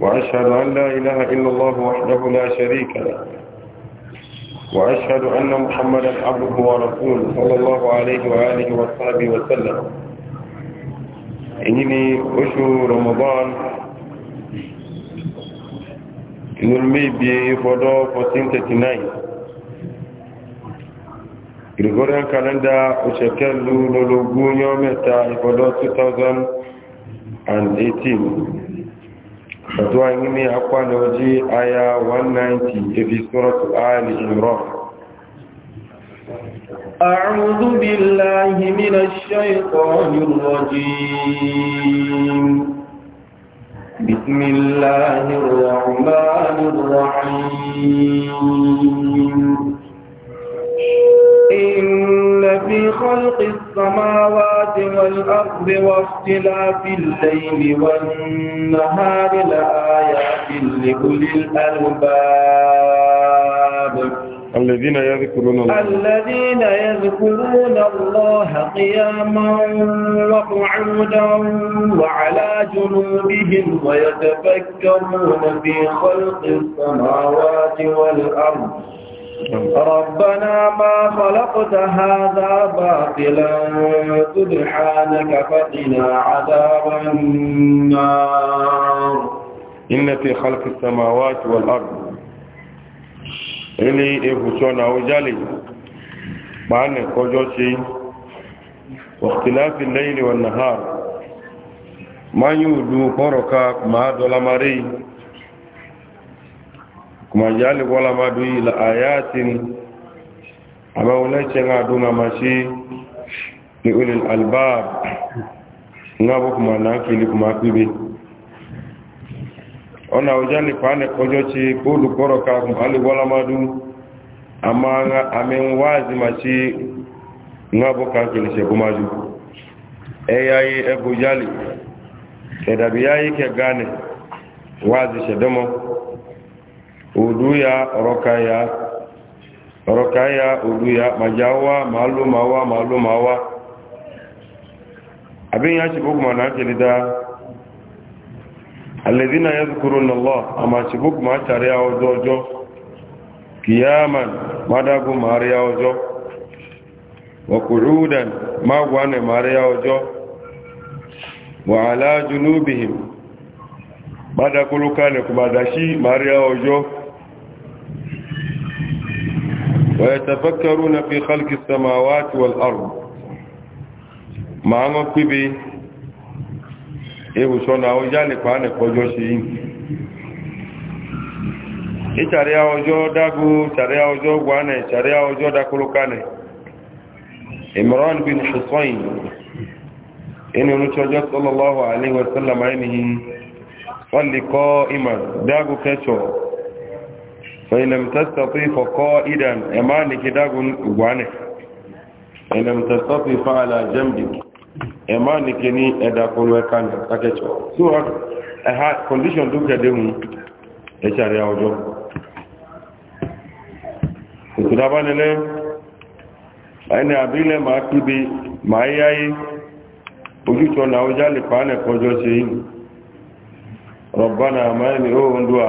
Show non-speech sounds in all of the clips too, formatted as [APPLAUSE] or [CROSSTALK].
وأشهد أن لا إله إلا الله وحده لا شريك له وأشهد أن محمدا عبده ورسوله صلى الله عليه وآله وصحبه وسلم إني أشهر رمضان نرمي بفضو 1439 Gregorian calendar òṣèkẹ́lú lọ́lọ́gún yọ́ mẹ́ta ìfọdọ́ 2018 فتوى إني أقوى نوجي آية 190 في سورة آل عمران أعوذ بالله من الشيطان الرجيم بسم الله الرحمن الرحيم إن في خلق السماوات والأرض واختلاف الليل والنهار لآيات لأولي الألباب الذين يذكرون الله الذين يذكرون الله قياما وقعودا وعلى جنوبهم ويتفكرون في خلق السماوات والأرض ربنا ما خلقت هذا باطلا سبحانك فقنا عذاب النار إن في خلق السماوات والأرض إلي إفوشون أوجالي معنى كوجوشي واختلاف الليل والنهار ما يودو فرقا ما دولماري kuma jali wala ma duyi la ayatin amma wala ce nga duna mashi ni ulil albab nga bu kuma na kili kuma kibi ona ujali pane kojo ci kudu koro ka kuma ali wala ma du amma nga amen wazi mashi nga bu ka kili se kuma ju eyayi ebu jali kedabiyayi ke gane wazi domo odu rokaya, rokaya ya roka ya odu ya majawa malumawa malumawa abin ya ci bukuma na ake lida alladina ya zukuru Allah amma ci bukuma tare ya wajo ojo kiyaman madagu mari ya wajo wa kurudan magwane mari ya wajo wa ala junubihim madaguluka ne kuma da shi mari ya wajo ويتفكرون في خلق السماوات والأرض ما نقبي ewu sọ́nà ọjá lè pa ní kọjọ́ sí ìtàríà ọjọ́ dágú tàríà ọjọ́ gbánẹ̀ tàríà ọjọ́ dákúrúkánẹ̀ imran bin hussein inú onúṣọjọ́ sọ́lọ́lọ́wọ́ aléwọ̀sọ́lọ́mà ẹni wọ́n lè kọ́ ìmọ̀ dágú kẹ́ṣọ̀ọ́ فإن لم تستطيع فقائدا إمانك داغن وانك إن لم تستطيع فعلى جنبك إمانك ني أداكل وكان أكتشو سورة أها كونديشن دوكا ديمو إشارة أوجو ìtùdábánilẹ́ lẹ́ ẹni àbílẹ̀ máa kíbi máa yáyé ojútọ́ na ó jálè pàánẹ̀ kọjọ́ sí rọ̀bánà àmáyẹni ó ń dúwà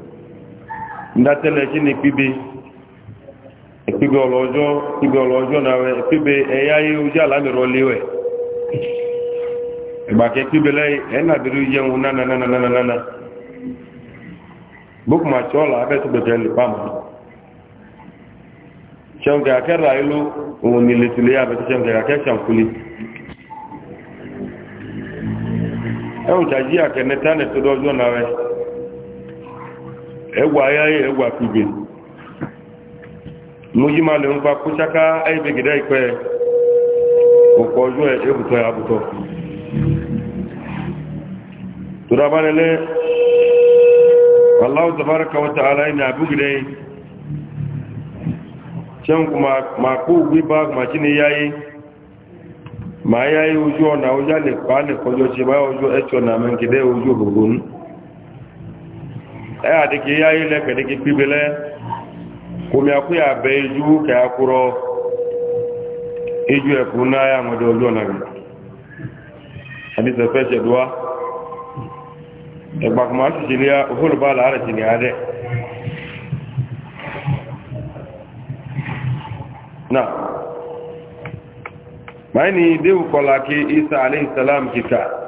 ndatɛlɛ e tsi e ne kpibe ekpibe ɔlɔdzɔ ekpibe ɔlɔdzɔ nawɛ ekpibe ɛya yi wodzi alamirɔ liwɛ egbake ekpibe lɛ ɛna bi do yɛŋu nananananana bokuma tsi ɔla abɛ tugbɛtɛ li pam tsɛnkɛ akɛra yi lo òní letule abɛ tsɛnkɛ akɛ tsankuli ɛwùtsadzi akɛnɛ tánɛ tó do ɔdzɔ nawɛ. egwa ya egwa kibe muji ma le nkwa kuchaka aibegide ikpe ụkọjụ e, ebutọ ya abụtọ tụrabanele wallahu tabaraka ara ta'ala ina abugide chen kuma ma ko gwi ba ma chini yayi ma yayi ujo na ujo le pa le kojo chi ba ujo echo na mengide ujo bugun ɛyà deke ya yi lɛ kɛdeke kpibe lɛ komi aku ya bɛ edu kɛ akurɔ edu ɛku n'aya ŋɔdɔ ɔdu ɔnaga adisɛ fɛsɛ do wa ɛgba kuma asisi lia na mayini dewu kɔla ke isa aleyhi salam kita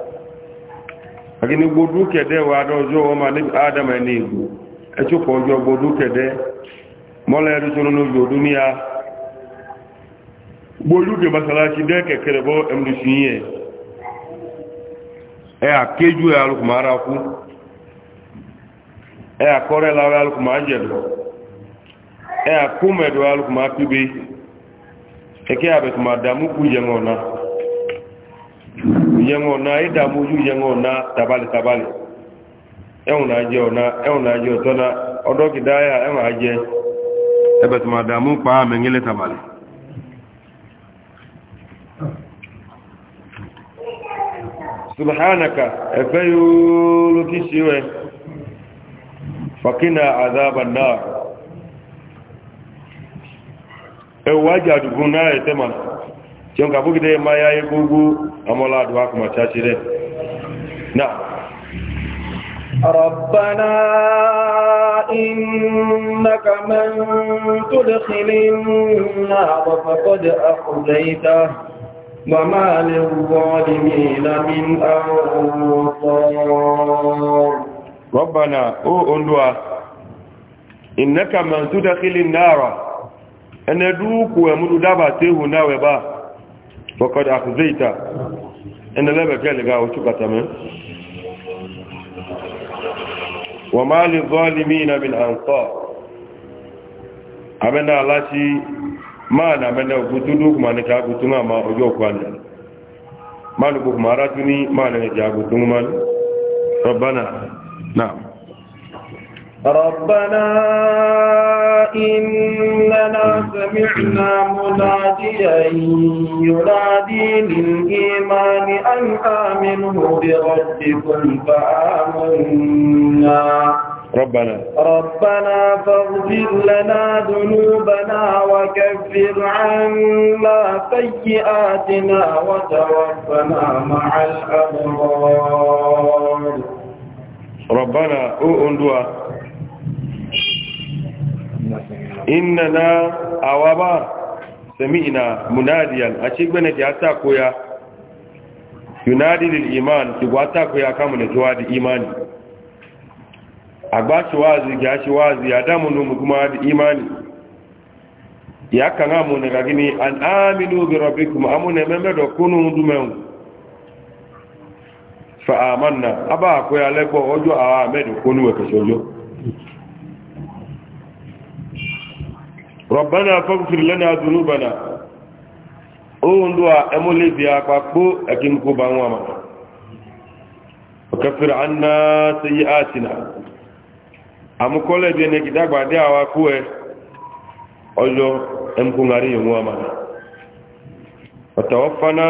akini gbodu kede wa dojo o ma ni adam ni igu e chu ko jo gbodu kede mo le ru sunu no yo dunia gbodu ke masala ki de ke kere bo emdu e akeju e alu kumara e akore la wa alu e akume do alu kumakibi eke abe kumadamu kuje ngona ìyẹn ọ̀nà ìdàmójú ìyẹn tabali tabali. ẹ̀hùn náà jẹ ọ̀nà ẹ̀hùn náà jẹ ọ̀tọ́nà ọdọ́kìdáyà ẹ̀hùn àjẹ ẹbẹ̀tùmọ̀ àdàmú pa àmẹ́ngẹ́lẹ̀ tabali subhanaka ẹ̀fẹ́ yóò kí sí rẹ̀ fàkínà àzába náà ẹwà jàdùkú náà ẹ̀tẹ́mọ̀lá tí ó ń kàbókì tẹ́ ma yáyé gbogbo àmọ́lá àdúwà kùmà tí a ṣe rẹ̀ náà ربنا إنك من تدخل النار فقد أخذيته وما للظالمين من أنصار ربنا أو أندوا إنك من تدخل النار أنا دوك ومدو دابا تيهو ناوي با فقد أخذيت إن لا بكال قاوة قتم وما للظالمين من أنصار أمنا الله ما نمنا وقتلوك ما نكابتنا ما أجوك وانا ما نبوك ماراتني ما نكابتنا ربنا نعم ربنا إننا سمعنا مناديا ينادي للإيمان أن آمنوا بربكم فآمنا ربنا ربنا فاغفر لنا ذنوبنا وكفر عنا سيئاتنا وتوفنا مع الأبرار ربنا أؤندوا إننا أوابا سمعنا مناديا أشيبنا جاتا كويا ينادي للإيمان تقواتا كويا كامل جواد إيماني أقباش وازي جاش وازي أدام نمكما إيماني ya kan amu ne gagini an aminu bi rabbikum amu ne meme do kunu dumen fa amanna aba ko ya lebo ojo awa medu kunu we kesojo ربنا فاغفر لنا ذنوبنا اون دعاء امولي بيا باكو اكين كو بانواما وكفر عنا سيئاتنا ام كل بيني كدا غادي اوا كو اوجو ام كو غاري يوما وتوفنا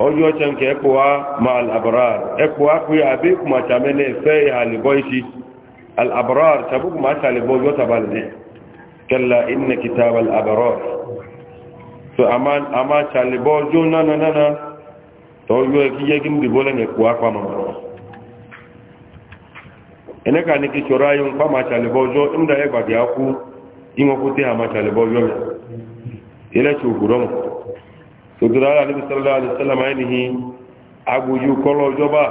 اوجو تشنك اكوا مع الابرار اكوا كو ابيكم ما تعمل في هالبويشي الابرار تبوك ما تعمل بوجو تبالدي kalla inna kitabal abrar so aman ama chale bo jo na na na to yo ki ye kim bi bolen ko akwa ma ene ka ni ki chora yo pa ma chale bo jo inda e gba dia ku ingo ku te ama chale bo yo ile chu gurom so dura ala nabi sallallahu alaihi wasallam ainihi aguju kolo joba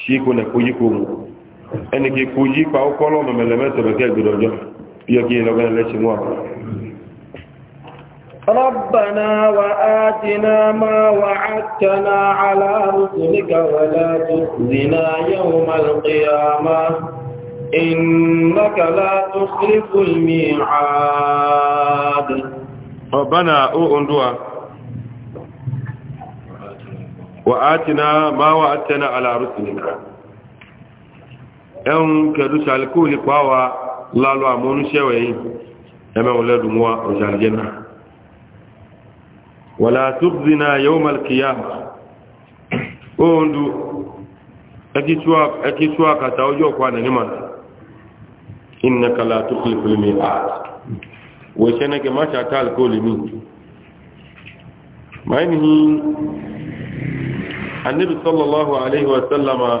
shi ko ne kuji ko ene ki kuji pa o kolo memeleme to be ke gbe يجي لغن لسنوا ربنا وآتنا ما وعدتنا على رسلك ولا تخزنا يوم القيامة إنك لا تخلف الميعاد ربنا أؤندوا وآتنا ما وعدتنا على رسلك أنك دسالكو لقواوا lalo amonu sewe yi eme wole dun wa ojaljanna wala tukhzina yawm alqiyamah ondu akichwa akichwa kata ojo kwa nani man innaka la tukhlifu almi'ad wa shanaka ma sha ta alqawli min maini annabi sallallahu alaihi wa sallama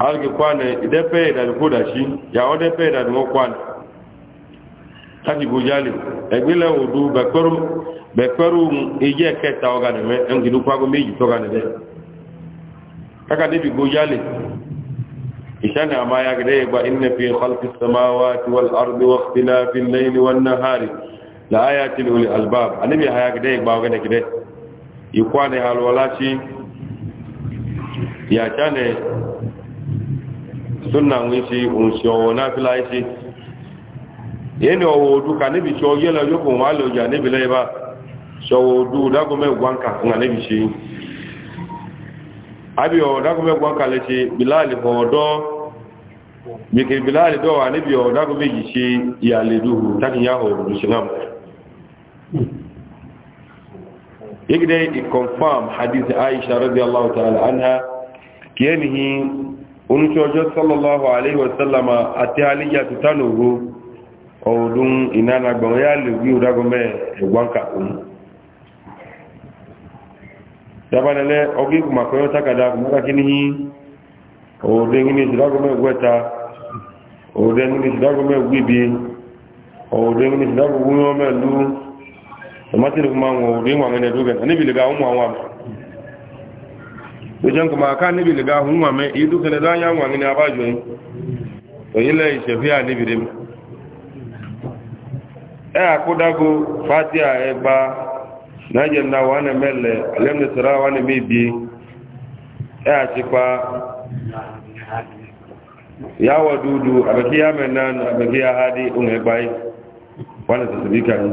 alge kwane idepe da likuda shi ya odepe da dumo kwane taki bujali egbile odu bekperu bekperu ije keta oga ne me en gidu kwago meji toga ne de kaka debi bujali ishana ma ya gade ba inna fi khalqis samawati wal ardi wa ikhtilafi al-layli wan nahari la ayatin uli albab anabi haya gade ba oga ne gide ikwane halwalachi ya chane sunna ŋun si ŋun si ɔwɔ n'afila yi si yéeni ɔwɔ odu ka nebi si ɔyɛ la yɔ kɔn wàhálà ɔjà nebi lɛ yiba si ɔwɔ odu dagomɛ gwanka ŋa nebi si abi ɔ dagomɛ gwanka lɛ si bilali hɔ dɔ mikiri bilali dɔ wa nebi ɔ dagomɛ yi si yalɛ duhu taki nya hɔ odu si ŋa mu yegide i confam hadith aisha radiyallahu ta'ala anha kiyenihi. oníṣẹ́ ọjọ́ sọ́lọ́lọ́wọ́ aléwọ̀sẹ́lọ́mà àti alíyà tuntun òru ọdún ìnánagbọ̀n yá lè wí ìdágọ́mẹ́ ìgbọ́nkà òun dábánilẹ́ ọgbẹ́ ìkùnmàkọ́yọ́ takàdá kùnmọ́kàkí maka ọdún ní ìdágọ́mẹ́ ní ìdágọ́mẹ́ ìgbìbí ọdún ní ojan kuma aka níbi lè ga hun wàmẹ́ èyí ni kẹlẹ̀ dáyà wà ní abájọ yìí òyìnlẹ̀ ìṣẹ̀fẹ́ àníbìrì mi ẹ e àkódágo fatia ẹgba e nájẹ̀ndà wà ní mẹ́lẹ̀ alẹ́mìsìrá wà ní mẹ́bí ẹ e àtìpa yàwọ̀ dúdú àbẹ̀kíyà mẹ́nán àbẹ̀kíyà hádí ohun ẹgbà yìí wà ní tẹ̀sìbíkà yìí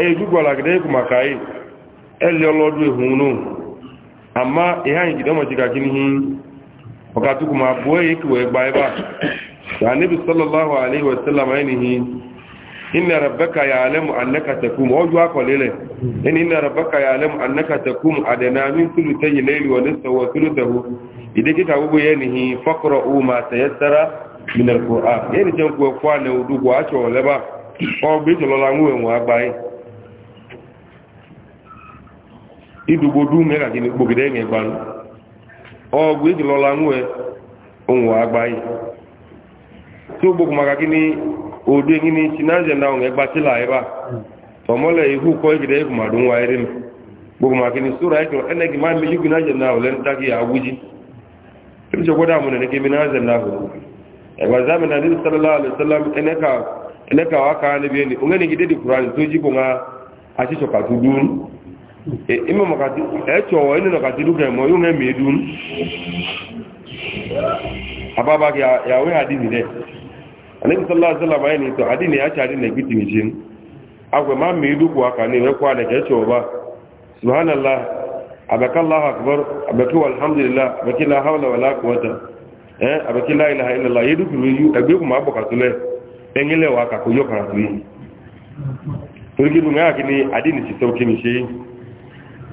ẹ ìdúgbọ̀ làgídẹ́ kùmàkà yìí ẹ lé ọlọ́dún ìhun náà amma ihan gidan mace kakin hin wakatu kuma boye yake waye baya ba da annabi sallallahu alaihi wa sallam ainihi inna rabbaka ya'lamu annaka takum wa huwa qalil in inna rabbaka ya'lamu annaka takum adana min thulutay layli wa nisfahu wa thuluthahu idan kika gugu yanihi faqra'u ma tayassara min alquran yani jan ku kwa ne udu ko acho leba ko bi to la ngwe mu agbai idugbo dum ne ka kini gbogide ŋɛ gbanu ɔgu eki lɔla ŋu yɛ ohun wa gba tí o gbogbo ma ka kini odo ekini sinazɛ na ohun ɛgba ti la yɛ e ba tɔmɔ lɛ ihu kɔ eki de eku ma do ŋu ayɛ gbogbo ma kini sora eki ɛnɛ ki ma meju ki nazɛ na o lɛ nuta ki awudzi ebi tɛ kɔda amu nene kemi nazɛ sallallahu alaihi wasallam ɛnɛ ka ɛnɛ ka wa ka ne bi yɛ ni ohun ɛnɛ ki de di kura ni to dzi ko ŋa asi sɔ ka tu duuru. E, ime makati echo ene no kati duke mo yunge medun ababa ya ya we hadini de anabi sallallahu alaihi wasallam ayini to na ya cha hadini gbiti mijin agwe ma medu ko aka ni we kwa de echo ba subhanallah abaka allah akbar abaka walhamdulillah abaka la hawla wala quwwata eh abaka la ilaha illa allah yedu kuru yu agbe ko ma boka tule engile wa ka ko yo kan tu yi torigi dunga kini hadini si to kini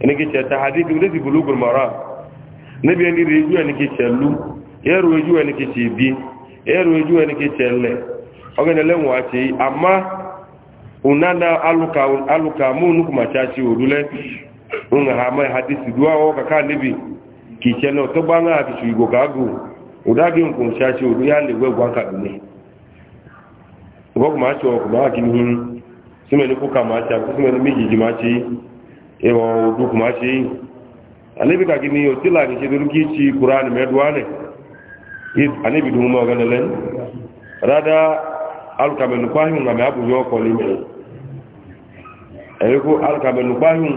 eniki tse ta hadithi ne ti bulugul mara ne bi eni reju eniki tse lu eru eju eniki tse bi eru eju eniki tse le ogene le nwa tse ama unana aluka aluka munu kuma chachi urule unga hama hadithi dua o kaka nibi kicheno to bana akichugo gagu udagi unku chachi uru yale kuma akini ìwọ̀ òdú kùmá ṣe yìí anibi kàkí ni o tíla ní ṣe tó kí ṣi kùránì mẹ́dùánì anibi dùn mọ́ ọ̀gánà lẹ́nu rádá alùkàmẹ̀nù páhùn àmì àbùyọ ọkọ̀ ní ẹ̀yẹ́ kó alùkàmẹ̀nù páhùn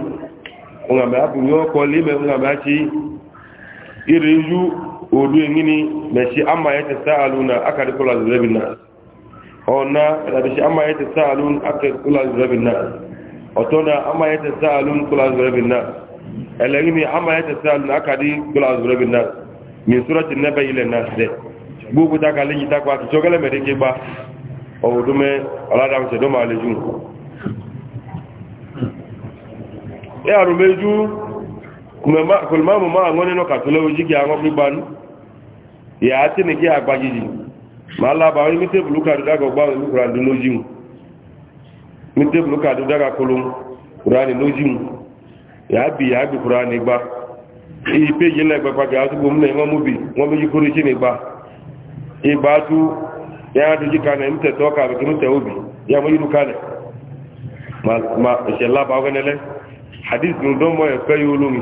àmì àbùyọ ọkọ̀ ní mẹ́ àmì àṣì ìrẹ̀ yú òdú ẹ̀yìnì mẹ́ṣí àmà ẹ̀ tẹ̀ sáà lónà akadékọ́lá zẹ́bìnà ọ̀nà ẹ̀ otona ama yata sa'alun kula zura bin nas alagimi ama yata sa'alun akadi kula zura bin min suratin nabai ila na de bubu ta kalin yi takwa ki chogale me ba o dume ala da mse do ma e aru meju kuma ma kul ma ma ngone no ka ango bi ya ati ki agbajiji ma la ba mi te ka da go gba mi kuran ní ka kàdó dára kolon kùránì lójú bi bì yàá bì kùránì gbá èyí péjì ńlá ìgbà pàkì àtúgbò múlẹ̀ wọn mú bì wọn méjì kórè sí ní gbá ìgbà tú yàá dojú kanẹ̀ ń tẹ̀tọ́ obi ya ń tẹ̀ òbí ma mú yìí kanẹ̀ mà ìṣẹ̀ lábàá wẹ́nẹ́lẹ́ hadith ní dọ́mọ ẹ̀fẹ́ yóò lómi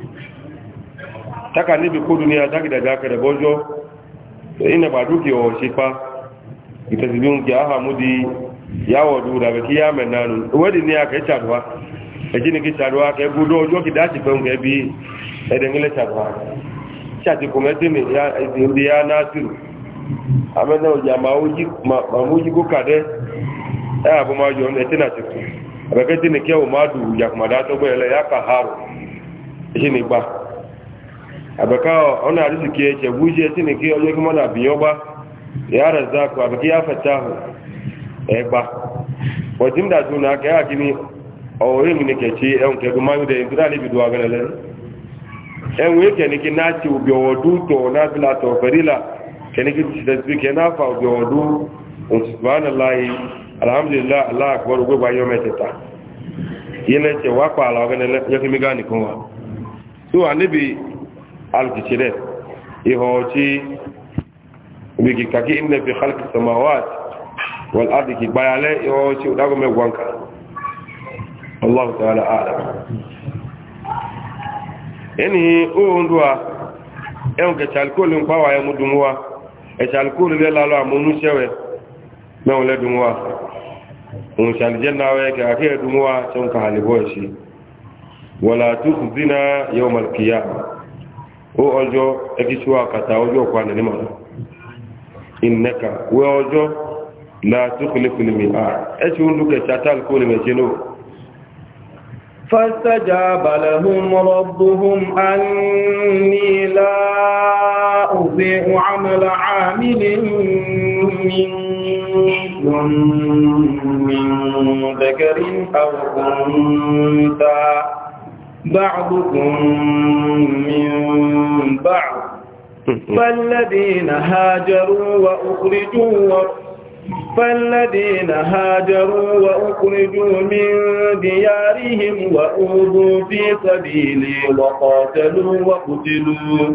taka níbi kó dúníà dákìdàjá kẹrẹ̀ bọ́jọ́ ina ba duke wa shi fa ita su biyun ki aha mudi ya wadu daga ki ya mai nanu wadi ne aka yi caduwa a e jini ki caduwa ka yi gudu ojo ki dace fahim ka yi bi a e dangile caduwa shati kuma ti ne ya e indi ya nasiru amma haru shi ne abaka ona riziki yake guje tini ki oje kuma na biyo ba ya razzaku abaki ya fatahu e ba wajin da ka ya kini oyin ne ke ci en ke na ci ubi odu to na bila to ferila ke ni ki tasbi ke na fa ubi odu subhanallahi alhamdulillah allah akbar gbogbo ayo meteta ce wa gani alùpùpù rẹ̀ ihò ọtí gbèkì kàkí ilẹ̀ fi xalki samawat wọn adìkì gbayalẹ̀ ihò ọtí ọdágọ́mẹ̀ gbọ́nkà allahu ta'ala ala ẹni ohun duwa ẹun kẹ̀kẹ́ alikóòlù ń pàwọ̀ ayẹmú dùn wa ẹ̀kẹ́ alikóòlù lẹ́ lálọ́ àmúnúṣẹ́wẹ̀ mẹ́wọ̀n lẹ́ dùn wa òun ṣàlìjẹ́ náà ẹ̀kẹ́ àkíyẹ̀ dùn wa tẹ́ ń kà àlèbọ̀ ẹ̀ṣin wọ̀là tó kù dínà yẹ́wọ̀n malikiyama ó ọjọ́ ẹkíṣíwá kàtà ọjọ́ ọ̀pá nìní màá ìnẹ́ka wẹ́ ọjọ́ látúkùlẹ̀kùlẹ̀mì àà ẹ̀ṣì ń lúkẹ̀ sátàlùkù ní mẹ̀ṣẹ́ náà فاستجاب لهم ربهم أني لا أضيع عمل عامل منكم من ذكر أو أنثى بعضكم من بعض [LAUGHS] فالذين هاجروا وأخرجوا فالذين هاجروا وأخرجوا من ديارهم وأوذوا في سبيلي وقاتلوا وقتلوا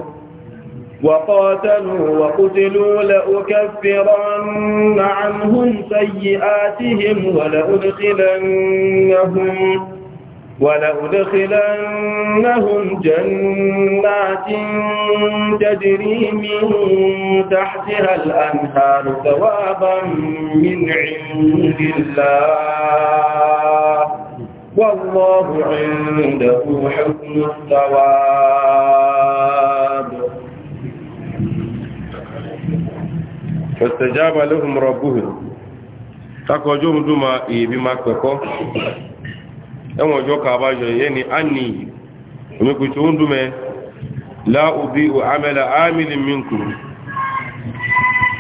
وقاتلوا وقتلوا لأكفرن عنهم سيئاتهم ولأدخلنهم ولأدخلنهم جنات تجري من تحتها الأنهار ثوابا من عند الله والله عنده حسن الثواب فاستجاب لهم ربهم تقوى جمدما إيبما كفو ẹwọn ọjọ́ kàbá yọ yẹ ni a ní omikutu ń dúmẹ́ láòbí o amẹ́lá ámìlì mínkù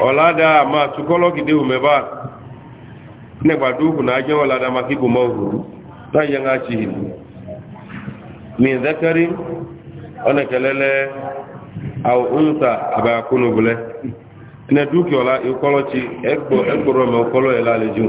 ọ̀làdà máa tukọ́lọ́gìdé òmẹ́bá nígbàdókù náà jẹ́ ọ̀làdà máa kíkò mọ́ òhùrú táyẹ̀ ń àti ìlú mi zẹ́kẹ́rí ọ̀nẹ̀kẹ́lẹ́lẹ́ àwọn oúnta àbáyàkónobulẹ́ ẹnẹ́dúkì ọ̀là ti ẹ̀ lálejò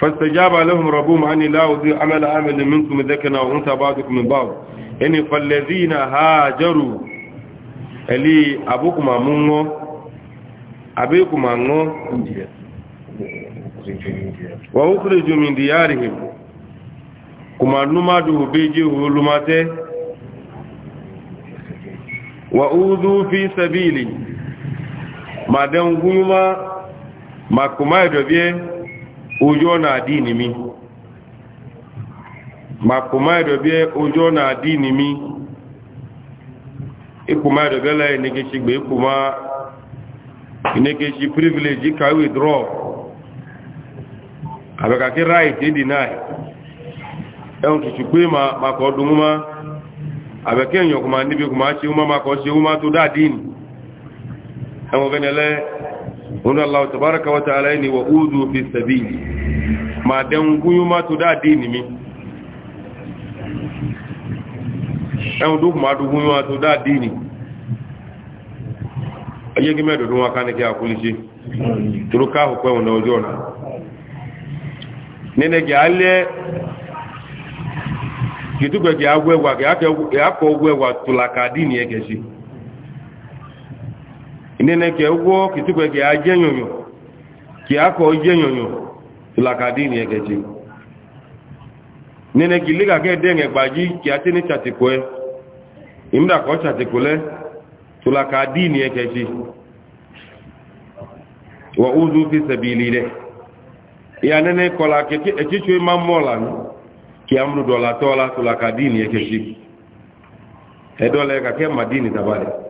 فاستجاب لهم ربهم أني لا أضيع عمل عمل منكم ذكنا وأنت بعضكم من بعض إن فالذين هاجروا اللي أبوكم أمونغو أبيكم أمونغو وأخرجوا من ديارهم كما نمادوا بيجيه لماته وأوذوا في سبيلي ما دنقوا ما كما يدبيه ojú ọ̀nà àdínì mi màkùmá ìdọ̀bẹ́ ojú ọ̀nà àdínì mi ikùmá ìdọ̀bẹ́ láì nígeṣi gbé ikùmá nígeṣi privilege kàwé draw àbẹ̀kàkí right èdè náà ẹ̀hùn tùtù pé màkọ̀ ọdún mú máa àbẹ̀kẹ́ èèyàn kùmá níbi kùmá ṣe ó máa makọ̀ ṣe ó máa tó dáadínì ẹ̀wọ̀n fẹ́nẹ̀lẹ́ wanda Allah tabaraka wa ta'ala ne wa uzu fi sabili ma dan guyu ma to da dini mi en du ma du guyu ma to da dini aye gi do dun aka ne ki akuli ji turuka ho kwa na ojo na nene gi ale kitugbe gi agwe wa gi akọ ogwe wa tulaka dini ege si inene ke ugwo kitukwe ke ajenyonyo ki ako jenyonyo lakadi ni ekeji nene kiliga ke denge gbaji ki atini chatikwe imda ko chatikule tulakadi ni ekeji wa uzu fi sabilile ya nene kola ke ekichwe mamola ni ki amru dola la tulakadi ni ekeji edole ka ke madini tabale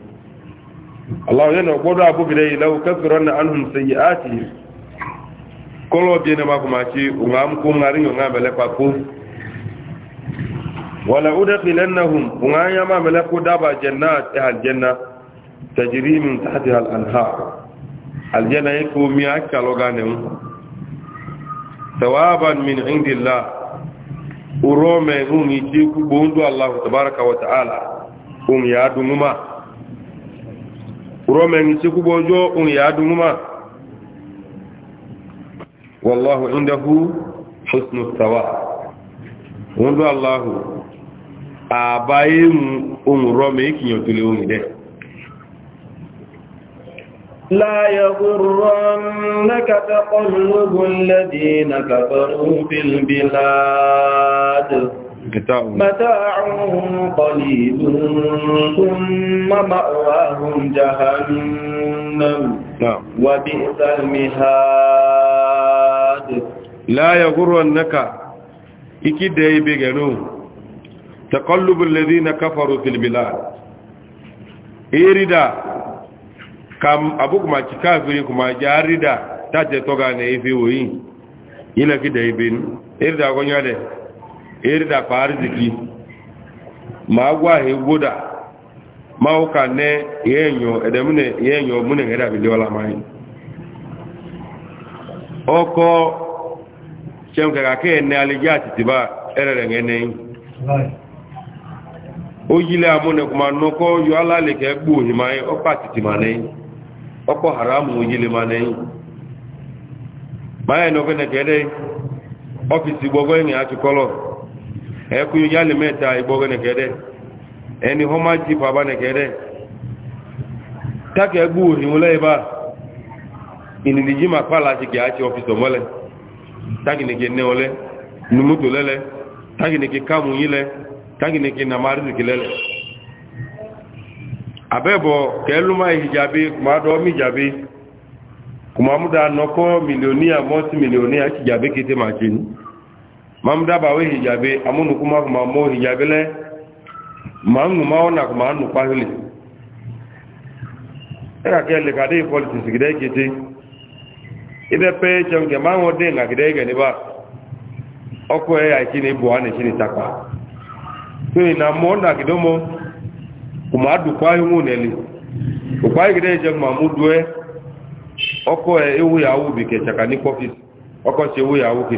Allah yana gwado abu bidai lau kasiran na anhum sayyi'ati kolo bi na makuma ci ungam ko ngarin yo ngabele pa ko wala udkhilannahum ungaya ma malaku daba jannat ahal janna tajri min tahtiha al anhar al janna yako mi akalo ganem thawaban min indillah urome ngi ci ku bondu Allah tabaaraka wa ta'ala um ya dunguma romen ti kubo jo un ya dunuma wallahu indahu husnu sawa wondu allah abaye mu un rome kinyo tule لا يغرنك تقلب الذين كفروا في البلاد متاع قليل ثم مأواهم جهنم وبئس المهاد لا يغرنك iki da ya bi gano taƙallubin lalazi na kafaru filbila irida kam abu kuma ci kafiri kuma ya rida ta ce toga na ife woyi ina ki da ya bi irida gwanya da erida kwa arziki ma agwa he da ma uka ne yenyo edemune yenyo mune hera bi ọla mai oko chemka ka ke ne alijati tiba erere ngene o yile amune kuma noko yo ala le ke gbu hi mai o patiti mane oko haramu o yile mane mai no ke ne kede ofisi gbogbo ni atukolo ẹkùn yóò yálè mẹ́ta ìgbọ́gẹ́ nẹ̀kẹ́dẹ́ ẹni hó jí bàbá nẹ̀kẹ́dẹ́ tákẹ́ gbú òhìn lẹ́yìnbá ìnìdíjí máa pàlà àti kìí àti ọfíìsọ̀ mọ́lẹ̀ tágìnìkì ní ọlẹ́ numuto lẹ́lẹ́ tágìnìkì kámù yí lẹ́ tágìnìkì nàmárìsìkì lẹ́lẹ́ àbẹ́bọ̀ kẹ́lúmá ìjàbí kùmádọ́ mìjàbí kùmámúdà nọkọ́ milioni a mílíọ̀níà ìjàbí kété màá ṣe ní mam daba we hijabe amunu ma kuma mo hijabe le ma ona pahili era ke le kiti pe chonge de na gide ge ni ba oko e ai kini bu ani kini takwa so ina mo na gidomo kuma adu kwa yu neli ukwa gide je oko e ya ubi ke chaka ni oko se ewu ya ubi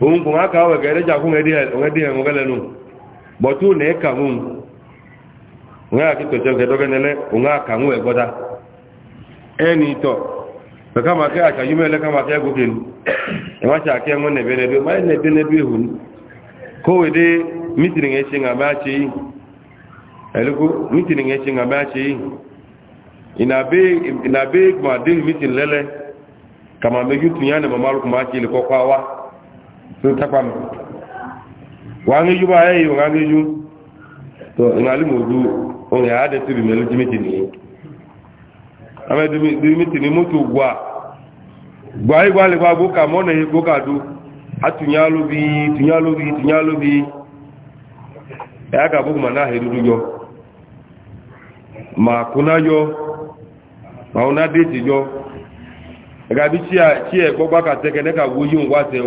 òun kò ká wẹ̀ gẹ̀ẹ́rẹ́ jà fún ẹdí ẹ̀wọ̀n gẹ́lẹ́nu bọ̀tú ní ẹ̀kà mú òun yà kí tọ̀tẹ̀ gẹ̀ẹ́dọ́gẹ́nẹlẹ́ òun á kà mú ẹ̀ gbọ́dá ẹni tọ̀ kàkàmàkẹ́ àṣàyúmẹ́lẹ́ kàmàkẹ́ gòkè ní ẹ̀wọ́n àkẹ́ wọn nẹ̀bẹ̀nẹ̀bí ọmọ ẹ̀ nẹ̀bẹ̀nẹ̀bí èhù ní kówè dé mítìrì yẹn ṣe ńgà máa ṣe yìí ẹ̀lúkú mítìrì yẹn ṣe ńgà máa ṣe yìí ìnàbẹ́ ìgbọ̀n àdéhùn mítìrì lẹ́lẹ́ kàmàmẹ́jú tìyàn ní wa tápá mi wàá ngéjú bá ayé yìí wàá ngéjú tó ìmàlí mò du òun yà á dé tìrì mẹ́lú jí méjì nìyí àmì ẹ̀dùnmí méjì ní mọ́tò gbà gbà ayé gbà lè gbà gbókà mọ́nà yìí gbókà du àtúnyà ló bí tùnyà ló bí ma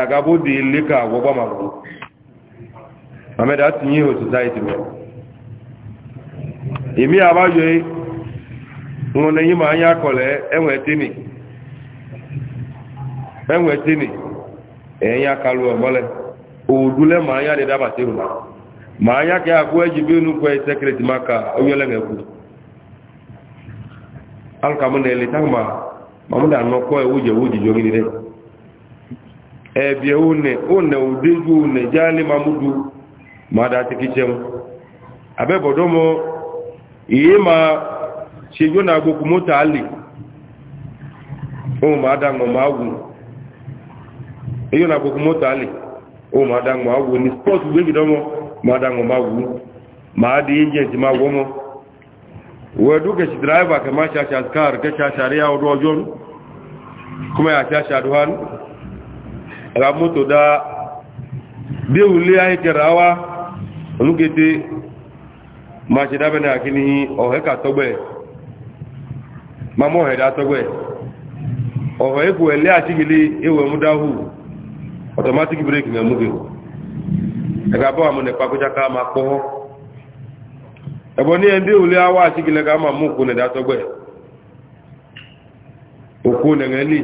ẹ̀gá bó di ilé ka àgbọ́gbọ́ màlúù àmẹ́dá ti yí ihò society mẹ́ èmi àbáyọ wọn lẹ́yìn máa ń yá kọlẹ̀ ẹ̀wọ̀n ẹ̀tẹ́nì ẹ̀wọ̀n ẹ̀tẹ́nì ẹ̀yìn akalu ọ̀gbọ́lẹ̀ òòdúlẹ̀ máa ń yá dídá bàtẹ́ òun máa ń yá kẹ́ àkó ẹ̀jì bí inú pẹ́ sẹ́kẹ̀rẹ̀tì máa ka ọyọ́lẹ̀ ẹ̀kú alùkàmù nà ẹ̀lẹ́ táwọn máa mọ̀mọ́dà nọkọ́ ẹ̀wọ́jẹ̀wọ́jẹ̀ jọ́gídí ẹ̀bẹ̀ ònẹ̀ ònẹ̀ òdéjú ònẹ̀ jálé mamúdú ma dá ti kí jẹun abẹ́bọ̀dọ́mọ́ èyí ma ṣe yóò na gbogbo mọ́ta alì ohun ma dágbọ̀n ma wù èyí na gbogbo mọ́ta alì ohun ma dágbọ̀n ma wù ní spọ́ọ̀tù gbégidọ́mọ́ ma dágbọ̀n ma wù ma dí ẹjẹ́ ti ma wọ́mọ́ wẹ̀dú kẹsì dráìvà kẹ ẹ̀ka mọ́tò dá bí òwúlé ayékẹrẹ àwá olúkété máa ṣe dábẹ́ náà kí ní ọ̀hẹ́kà tọ́gbẹ̀ máa mọ́ ọ̀hẹ́dá tọ́gbẹ̀ ọ̀hẹ́ ikú ẹ̀lẹ́ àṣígilé ewẹ̀ mú dáhù automatic brake ní ẹmúgbé ẹ̀ka ka àmú nẹ̀pá kó jáká bi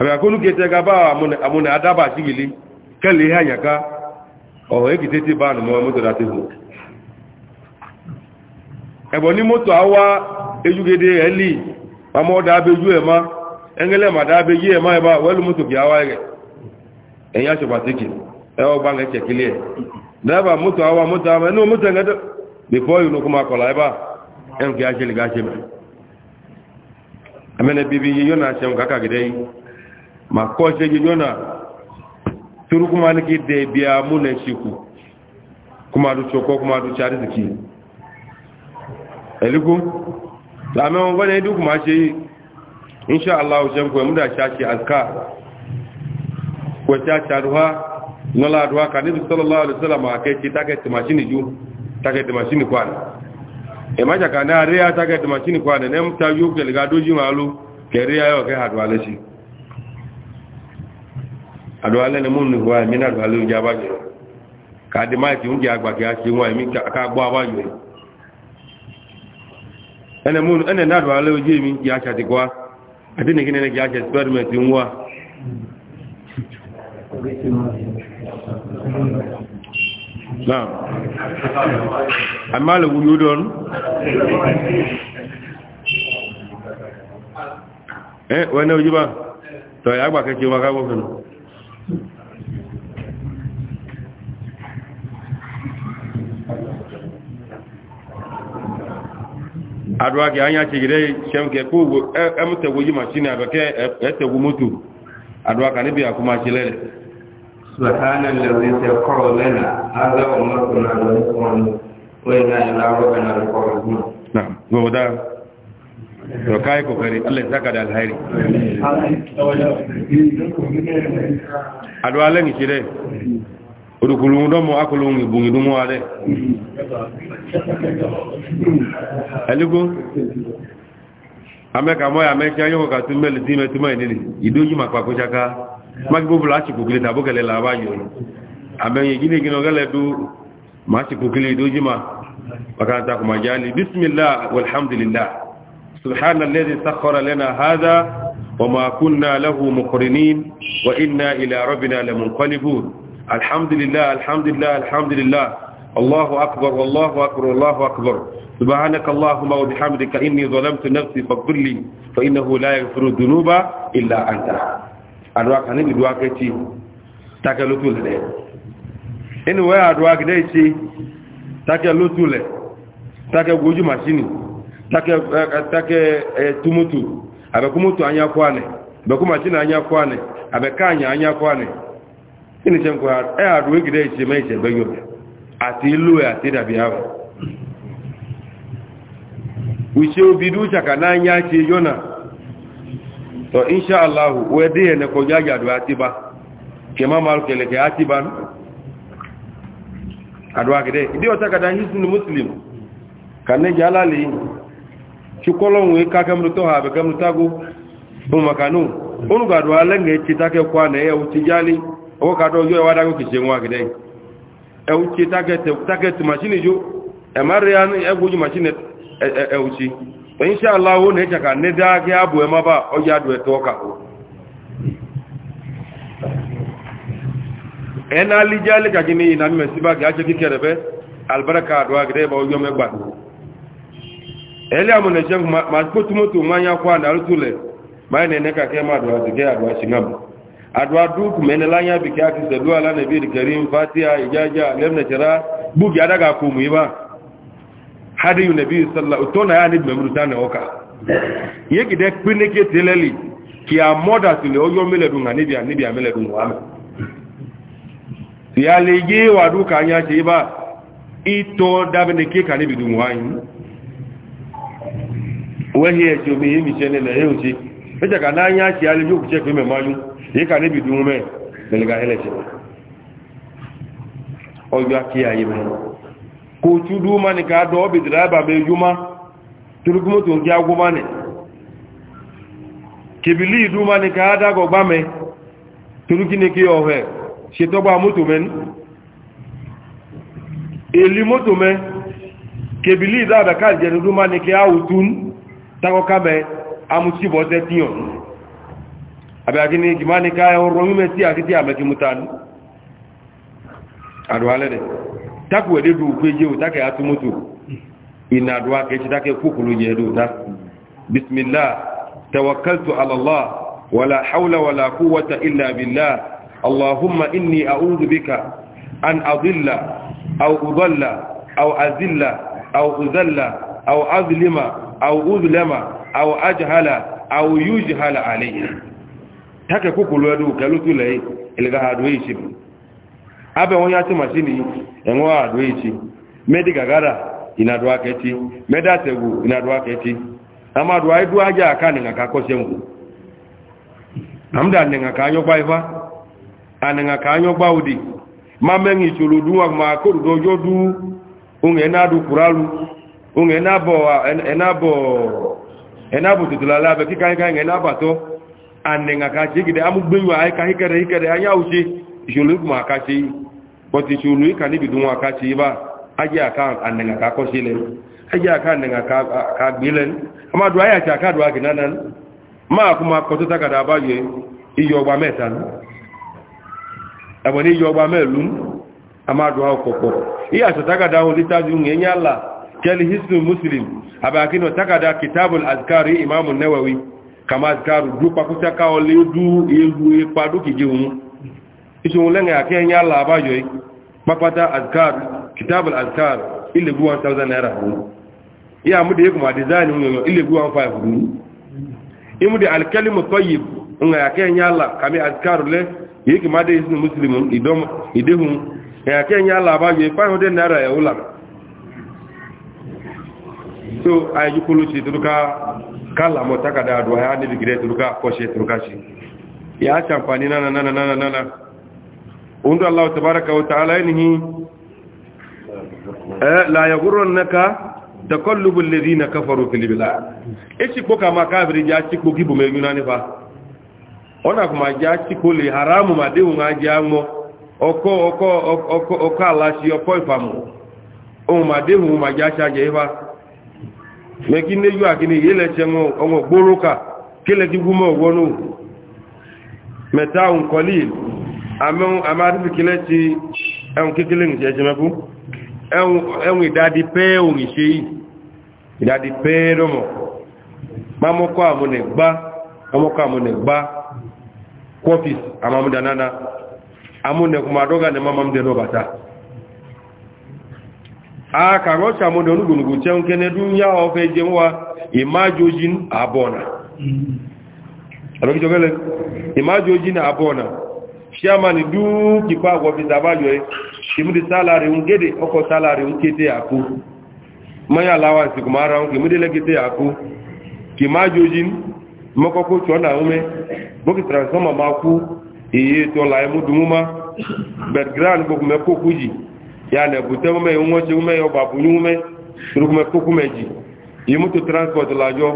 àgbàkónú kẹtẹ ga àmúnà adába sígìlì kẹlẹ̀ ihe àyàká ọ̀họ̀ èkìtẹ́ tí bá nù mọ́ mọ́tò dá tẹ́sù ẹ̀bọ̀ ní mọ́tò àwá ejúgede ẹ̀lì mamọ́ dábejú ẹ̀má ẹngẹ́lẹ̀ mà dábejú ẹ̀má ẹ̀bá wẹ́lú mọ́tò kì àwá rẹ̀ ẹ̀yìn aṣọ̀pàtíkì ẹwọ́ gbá ń ẹ̀kẹ̀kílẹ̀ ẹ̀ dábà mọ́tò àwá yìí ma kɔɔse jona turkumani ki de biya mune siku kuma du coko kuma du cari ziki eliku lamɛ wɔn wani edu kuma se insha allah o sɛn kɔɛ mu da sasi azka kɔ sasi aduha nɔla aduha ka ne bi sɔlɔlɔ alayhi sɔlɔ ma kɛ ci takɛ tɛmɛsini ju takɛ tɛmɛsini kwan ɛmɛ jaka ne a reya takɛ tɛmɛsini kwan ne mu ta yu kɛlɛ àdó alẹ́ ni mú nù wá ẹ̀mí náà lọ́lẹ́ oúnjẹ abájọ́ káàdì máìkì oúnjẹ àgbàkì àti wọn ẹ̀mí káàgbọ́ abájọ́ ẹnẹ mú ẹnẹ náà lọ́wọ́ alẹ́ oúnjẹ mi kì í aṣàtì kọ́ àti nìkí nìkí kì í aṣẹ experiment ń wá. náà àmì wọ́n náà ojú bá tọ̀ ẹ̀ àgbàkẹ́ kí wọ́n aduage anya chigide chemke kugu e, emtegu yi machine abeke etegu moto aduaka nibi akuma chilele subhana alladhi sakhara lana hadha wa ma kunna nusrun wa inna ila rabbina raji'un naam odukulungu dɔmɔ akulungu ibungi dumu wa dɛ aliku ame kamɔ ya mɛ tia yɔkɔ ka tu mɛli ti mɛ tuma yi nini idoji ma kpa kosaka maki gbogbo la atsi kukili tabo kɛlɛ la a b'a yɔ ame yi gine gine ɔkɛlɛ du ma atsi kukili idoji ma baka ta kuma bisimilah walhamdulilah subhana lɛdi sakɔra lɛna hada wa ma kunna lahu mukurinin wa inna ila الحمد لله الحمد لله الحمد لله الله أكبر والله أكبر والله أكبر سبحانك اللهم وبحمدك إني ظلمت نفسي فاغفر لي فإنه لا يغفر الذنوب إلا أنت أدواك هنبي دواك يتي تاكلوتو لدي إن وي أدواك دي يتي تاكلوتو لدي تاكل وجو ماشيني تاكل تاكل تموتو أبكموتو أنيا كواني بكم ماشيني أنيا كواني أبكا أنيا أنيا كواني ini sɛ nkɔyɛ ɛyɛ adu egide ɛkyɛ mɛ ɛkyɛ bɛ yɔmɛ ati ilu yɛ ati dabi awɔ wùsɛ obi du tsaka n'anya ɛkyɛ yɔna tɔ insha allahu wɛde yɛ nɛkɔdza yadu ati ba kɛmɛ malu kɛlɛ kɛ ati ba muslim kanɛdza alali tsukɔlɔnu eka kɛmɛ tɔ ha abɛ kɛmɛ tago bomakanu onu gadu alɛ ŋɛ tsi ta kɛ kɔ owó kàdọ̀ ojú ẹwà dágó kìí ṣe wọn àgìdẹ́ ẹwù ṣe tágẹ́tì màṣínì jó ẹ̀má rẹ̀ ẹgbójú màṣínì ẹwù ṣe ẹ̀yìn ṣe aláwó ní ẹ̀ṣàkà ní dáágẹ́ ààbò ẹmá bá ọjà àdù ẹ̀tọ́ ọkà ẹ̀nà alíjá lẹ́kàkí ní ìnàmì mẹ́síbáàgì á ṣe kíkẹrẹ bẹ́ albarka àdù àgìdẹ́ ìbá ojú ọmọ ẹgbà ẹ̀lẹ́ àmọ̀nẹ̀ṣẹ́ máa kó túmọ́tò máa ń yá kó àdàrútù lẹ̀ máa adwa duk mene lanya bi kya ki sadu ala nabi karim fatiha ijaja lemna tara bugi adaga ku mu iba hadiyu nabi sallallahu tona ya ni memru tane oka yegi de pine ke teleli ki a moda tile oyo mele dunga ni bia ni bia mele dunga wa ya leje wa duka anya ti iba ito dabne ke ka ni bi dunga yin wehi e jomi mi chene na yeuji beja kana anya ti ale yo ku che pe me mayu yíká níbi dùn mẹ́ lẹ́lẹ́gà ẹlẹ́ṣẹ̀ ọjọ́ kí ayé mẹ́ kò túdú ma ní ká dọ́ bí dìrábà bẹ yúmá turukúmọ́ tó ń kí agbó mánẹ̀ kìbìlì ìdú ma ní ká dágọ̀ gbá mẹ́ turukí ní kí ọ̀hẹ́ ṣetọ́gbà mọ́tò mẹ́ èlì mọ́tò mẹ́ kìbìlì ìdáàbẹ̀ká ìjẹ̀dúdú ma ní kí áwùtún tágọ́ká mẹ́ amúsíbọ̀ tẹ́tíyàn abakini jimani kaya woromi mesi akiti ameki mutanu adwale de takwe de du kweje utake atumutu ina dua kechi take kukulu je du ta bismillah tawakkaltu ala allah wala hawla wala quwwata illa billah allahumma inni a'udhu bika an adilla aw udalla aw azilla aw uzalla aw azlima aw udlama aw ajhala aw yujhala take kukulu edu kelutu lei iliga hadu ichi abe wonya ti machine enwo hadu ichi medi gagara inadu aketi meda tegu inadu aketi ama du aidu aja akani ngaka kose ngu amda ninga gba ifa aninga kanyo gba udi mamengi chuludu wa makuru dojo du unge nadu kuralu unge nabo Ane anenga ka ce gida amu gbewa ai ka hikare hikare an ya wuce shulu kuma ka ce boti shulu ka ni bidun wa ka ce ba aje aka anenga ka ko shile aje aka anenga ka ka bilen amma do aya ta ka do aka nan ma kuma ko to taka da baye iyo gba meta aboni iyo gba melun amma do ha kokko iya to taka da ho litaju ngenya la kali hisnu muslim abakino taka da kitabul azkari imamun nawawi kama garu du pakuta ka ole du yegu padu ki jiwu isu mulenga ya kenya yalla abajo yi papata azkar kitab al azkar ile bu 1000 naira ya mu de kuma design ngoyo ile bu 1500 du imu de al kalimu tayyib nga ya kenya la kami azkar le yiki made isu muslimun idom idehun ya kenya la abajo yi 500 naira ya ula so ayi kulu ci duka kala mo takada adwa ya ni bigire turuka koshe turuka shi ya champani nana nana nana nana undu allah tabaraka wa taala inhi eh, la yaghurunka taqallubu alladhina kafaru fil bilad ichi e ko kama kafiri ya chi ko gibu meyuna ne fa ona kuma ja chi ko le haramu madewu nga ja mo oko oko oko oko alashi opo ifamu o madewu ma ja cha je fa meki nne ju akini yele chengo ongo boroka kile kigumo wonu metaun qalil amon amadi kile ti en kikile nje jemebu en en idadi pe o ni se idadi pe romo mamo ko amone gba mamo ko amone gba office amamu danana amune kuma doga ne mamam de robata aka rọcha mụda onugbonugo che nke nedu ya ofe eje nwa imaji abụọ na chairman dukipa agwọbita bayo e. imdi salari ngede ọkọ salari nkete akụ mmanya alawansi kumara nke imdele kete akụ ya na-ebute ume nwoche ume ya ọgbapụnye ume turukume kukume ji imutu transport lajọ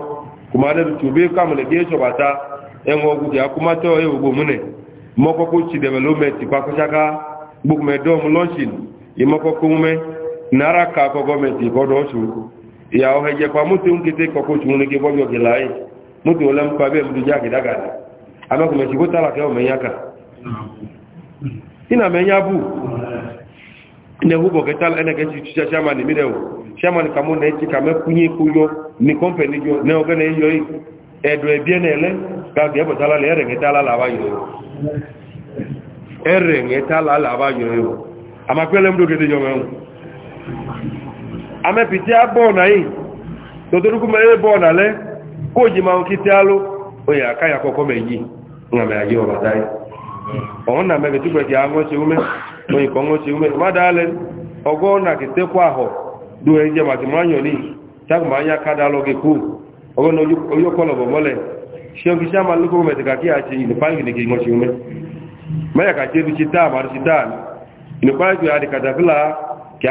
kumadetubi kamle gị chọbata enwe ọgwụ ji akwụmata ohe ugbo mune mọkọkọ chidemela ume tikwakụchaka gbukume dom lọnchin imọkọkọ ume nara ka akọ gọọmenti kọdọ ọchụ ya ọhe jekwa mutu nkịtị kọkọchu nwere gị gbọbịọ gị laa mutu ole ị na-amenya bụ ne hubo ketal ene ke chicha chama ni mirewo chama ni kamo na ichi kame kunyi kuyo ni company jo ne ogene yo edo ebiene ele ka ge bo tala le ere ke tala la ba yo ere ke tala la ba yo ama kwele mdo ke jo mewu ame piti abo na yi to to ku me e bo na le ko ji ma ki talo o ya ka ya kokome yi ngame ayo ba dai ona me ke tu ke ya ngo se ume oyin kan o ti ume ma dalen ogo na ki te kwa ho du e je ma ti ma yan ni tag ma ya kada lo ge ku ogo no yo ko lo bo mole se ki sha ma lu ko me a ti ni pa ni ki mo ti ume ma ya ka je du ti ta ma ti ta ni pa ju a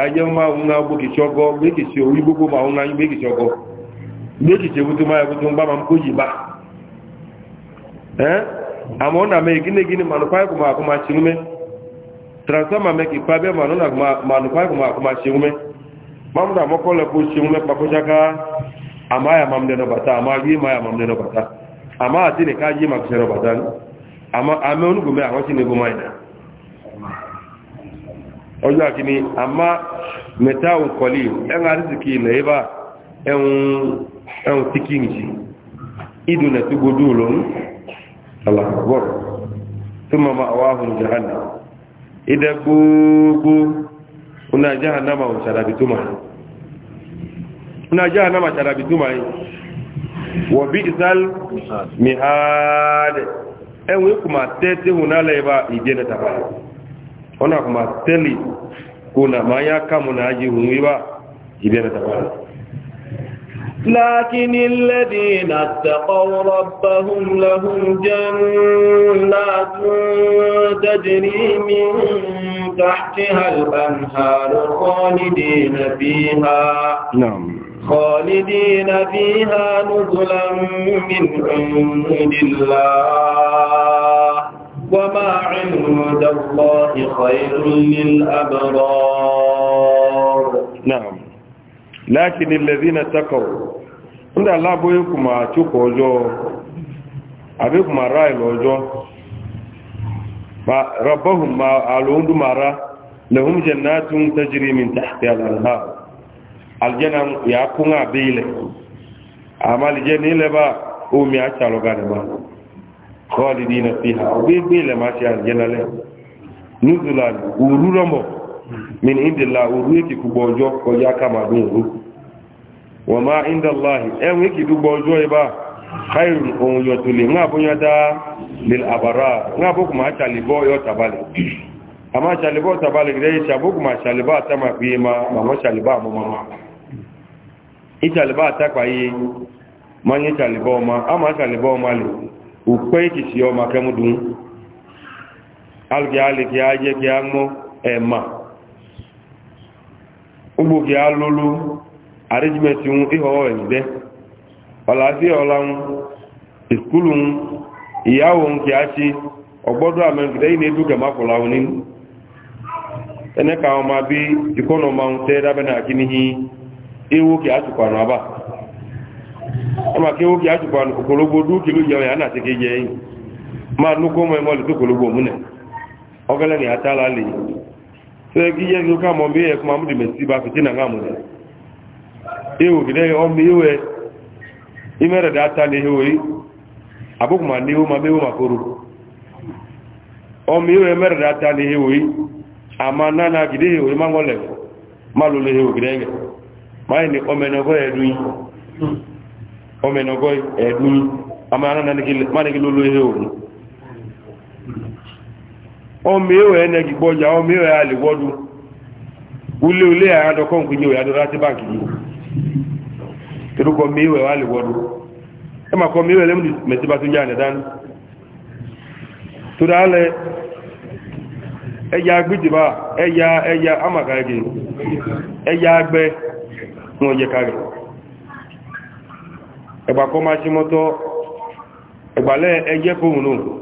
je ma un na bu ki chogo be se oyi gbogbo ma un na yin be ki chogo se butu ma ya butu ba ma ko yi ba eh amona transforma mɛ k'i pa bɛ ma nuna ma nufa kuma kuma seŋ mɛ mamu da mɔkɔ lɛ ko seŋ mɛ kpakpo saka a ma ya mamu dɛnɛ bata a ma yi ma ya mamu dɛnɛ bata a ma ati ne k'a yi ma kisɛ dɔ bata ni a ma a mɛ onu kun bɛ a ma si ne ko ma yi na o yɔ akini a ma mɛ taa o kɔli ɛn ka risi k'i na e ba ɛn ɛn tiki ni si i dun na tugu duuru lɔn ala bɔn tuma ma awa hun jahannam. ide gbogbo una jahannama ṣarabituma yi wa bi isal mihade enwe kuma tete huna laiba ije na taba ona kuma teli kuna ma ya kamu na aji hunu ba ibe na taba لكن الذين اتقوا ربهم لهم جنات تجري من تحتها الأنهار خالدين فيها نعم خالدين فيها نزلا من عند الله وما عند الله خير للأبرار نعم lakini lezina ndị nda labo yukuma chuko ojo abi kuma rai lojo ma rabbahum ma alundu mara lahum jannatun tajri min tahti al-anhar aljanna ya kunga bile amal jenile ba umi achalo gane ba khalidina fiha bi ma min indila oru eki kugbo ọjọ́ kọjá kamadun oru wọ́n máa indalahi ẹ̀wọ̀n eki dugbo ọjọ́ ibá khairun ohun yọtule ń àbúyá dá lil abara ń àbúkù máa ṣàlìbọ́ yọ tàbálẹ̀ a máa ṣàlìbọ́ tàbálẹ̀ rẹ̀ ìṣàbúkù máa ṣàlìbá àtàmà fi ma àwọn ṣàlìbá àmọ́ mama ìṣàlìbá àtàpà yìí máa ń yẹ ṣàlìbọ́ ama a máa ṣàlìbọ́ ọma lè òpé ìkìsí ọma kẹmúdùn alùpùpù alùpùpù ajẹ́ kí a mọ́ ẹ̀ma ugbo ugbogi alụlụ arijimenti ịghọọ ide ọlaziola iskulu iyawo nke achi ọgbọdụ amegide ị na-edu ka makwụla ni ene ka ọma bi ikonọmanwụ tee dabe na aki n'ihi ewu ke ka achụkwanụ aba maka ewu ke ka achụkwanụ okologbo du kelu ya ya na-achị ka enyi ma nnukwu ụmụ eme ọlịta okologbo omune ọgele na ya tala lee sɛ gijɛ yi ka mɔ mi yɛ kuma mu di mɛ si ba fiti na ŋa mu dɛ ewu gidɛ ɔ mi yɛ imɛrɛ da ta ne yi kuma ma mi ma koro ɔ mi yɛ da ta yi ama nana gidɛ hewo yi ma ŋɔ lɛ fɔ ma lolo hewo gidɛ yɛ ma yi ni yɛ dun yi yɛ dun yi nana ma ki yi. ọmọ ewé ẹnẹgì gbọ́jà ọmọ ewé alìwọ́dú ulé ulé àádọ́kọ́ nkúnyé òyà dọ́rọ́ àti báńkì yìí torúkọ ọmọ ewé alìwọ́dú ẹ máa kọ ọmọ ewé lẹ́mú tó ń yá ànẹ̀dánú tó dáálẹ̀ ẹya gbídìbá ẹya ẹya ẹya agbẹ́ wọn yẹ máa ṣe mọ́tọ́ náà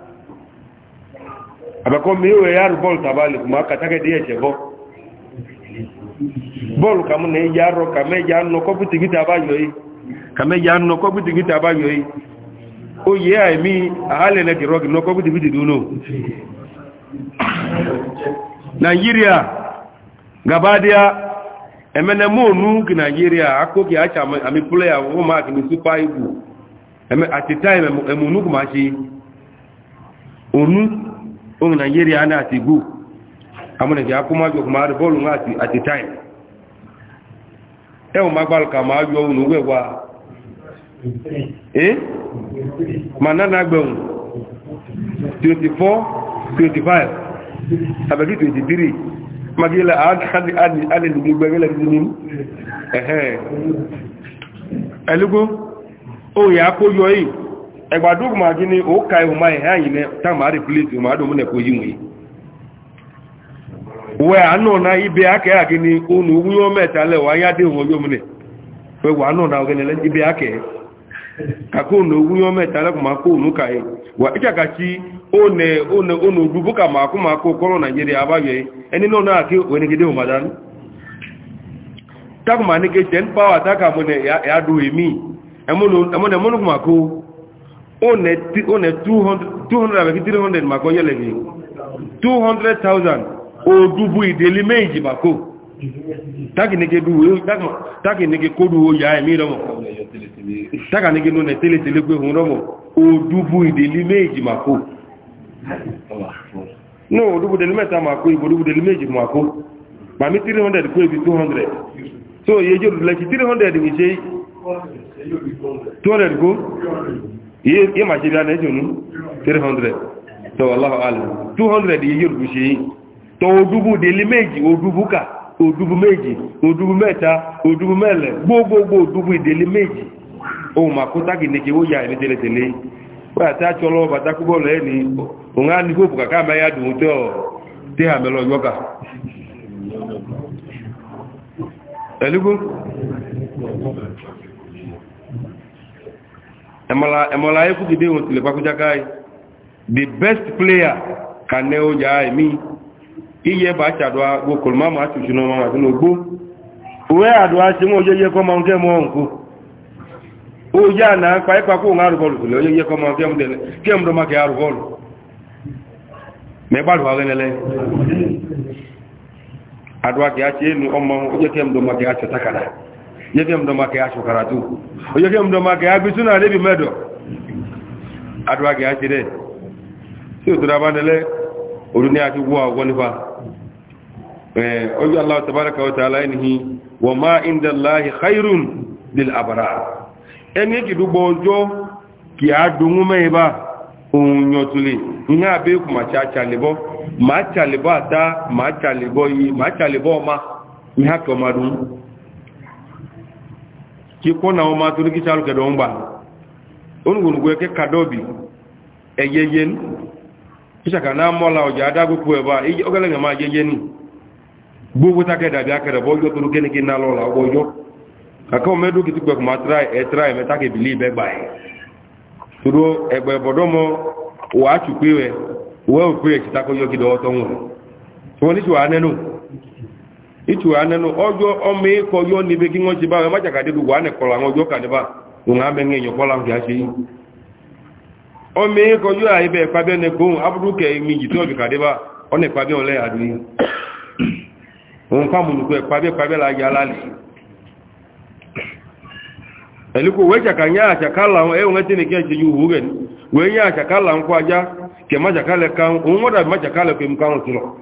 àbẹ̀kọ́ mi yóò yá bọ́ọ̀lù tàbálì kùmọ́ akàtàkẹ́ díẹ̀ ṣẹ̀ bọ́ bọ́ọ̀lù kàmú ní yá rọ kàmẹ́jà ń nọ kọ́pútìgítà àbáyọ̀ yìí kàmẹ́jà ń nọ kọ́pútìgítà àbáyọ̀ yìí ó yẹ àìmí àhálẹ̀ nẹ́tì rọ́ọ̀kì nọ kọ́pútìgítì dúnú nàìjíríà gàbádíà ẹ̀mẹ́nẹ́ mọ́ọ̀nù kì nàìjíríà akókè ònú ohun nigeria náà ti gù amúnẹ̀kì akọ́mọ́jọ́ kò máa rí bọ́ọ̀lù ati àti time ẹ̀wọ̀n máa gbàlùkà máa yọ ohun òwe wa eh manana gbẹ̀hùn 24 25 àbẹ̀kí 23 magílẹ̀ alẹ́lẹ́gbẹ̀rẹ́lẹ́ nínú ẹ̀hẹ́ ẹ̀lúgbó ó yà á kó yọ yìí ẹgbàdógún máa gí ní òkà ìhùnmá ẹ̀hẹ́ àyìnẹ́ táàmà àrífìlìtì ìhùnmá àdó múnẹ̀kọ́ yíwọ̀n yìí àánú náà ibẹ̀ akẹ́ àgí ní oòrùn ogun mẹ́ta lẹ̀ wáyé adé ọjọ́ múnẹ̀ pẹ̀ wà náà náà ọ̀gẹ́nẹ̀ ibẹ̀ akẹ́ kàkó oòrùn ogun mẹ́ta lẹ́kùn kó one one two hundred two hundred àbẹ̀kí three hundred màkó yẹlẹ̀ bí two hundred thousand odubu ìdèlé méjì màkó tákìníkè kódù oyà ẹ̀mí rọmọ̀ tákìníkè lónà tẹ́lẹ̀tẹ́lẹ̀ pé òun rọmọ̀ odubu ìdèlé méjì màkó no òdùbù ìdèlé mẹ́ta màkó ìbòdùbù ìdèlé méjì màkó màmí three hundred kó ibi two hundred so yẹjọ́ lẹ́kì three hundred ìṣe two hundred kó iye ma ṣe bí adẹ́jọ nú 300 tó aláhọ̀ alẹ́ 200 iye yorùbá ṣe yìí tó odúbú délé méjì odúbú ká odúbú méjì odúbú mẹ́ta odúbú mẹ́lẹ̀ gbogbogbò odúbú ohun ma kó tágì ní kí ó yà ní tẹ́lẹ̀tẹ́lẹ̀ pé ọrụ àti ka. emola eku gide won tile pakuja kai the best player kane oja ja emi iye ba chadwa go kolma ma chuchu no ma tinu gbo we adwa ti mo yeye ko ma nke mo nku o ja na pa pa ko ngaru bolu le yeye ko ma nke mo dele ke mo ma ke aru bolu me ba lu wa nele adwa ke achi enu omo o je ke mo ma ke achi takada yake mdo make ya shukara tu yake mdo make ya bisuna lebi medo adwa ke ajire si udura bandele uruni ajuwa wonifa eh oyi allah tabaaraka wa ta'ala inhi wa ma inda allah khairun lil abara eni ki dubo ojo ki adungu meba onyotuli ihe abe kuma cha chalebo maa chalebo ata maa chalebo yi ma chalebo ma ihe ki ko na o ma tun ki saru ke don ba on gun gwe ke kadobi e yeyen kisa ka na mo la o ja da gu ku e ba i o gele ma je je ni bu bu ta ke da ga ke da bo yo tun ke ni ki na lo la bo yo ka ko me du ki ti gwe ma tra e tra e me ta ke bi li be ba e turo e gbe bodo mo wa chu pe we wo pe ki ta ko yo ki do to mo so ni ju anenu itu anenu ojo ome ko yo ni be ba ma jaka de duwa ne ko lango jo nga me ko lango si ome ko yo ai be pa be ne ko abdu ke mi ji to bi ba one pa be ole adu on pa mu ko pa be pa be la ya la ni eliku we jaka nya e ne ke ji we nya aja ke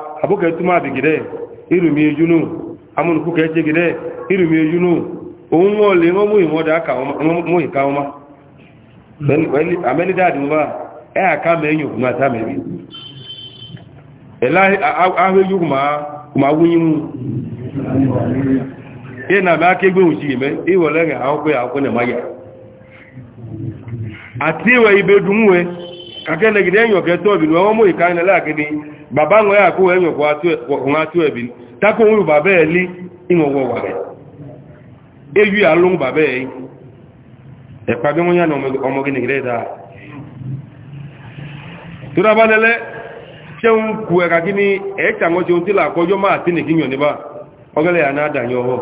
abụka tuma bigide irumi ejunu amụnukwu ka eche gide irumi ejunu onwe ole nwe mụghị aka mụghị ka ọma amenidadị nwa e aka ma enyo kuma ta mebi ele ahụ eyi kuma awụnye mụ ihe na-ame aka egbe nwuchi ime iwele ga akwụkwọ ya akwụkwọ ibe dunwe ka ke negide enyo ka baba ŋo ya ko enyo kwa tu nga tu ebi tako wu baba eli ingo ya baba e e pa ge ya no omo gị ba na danyo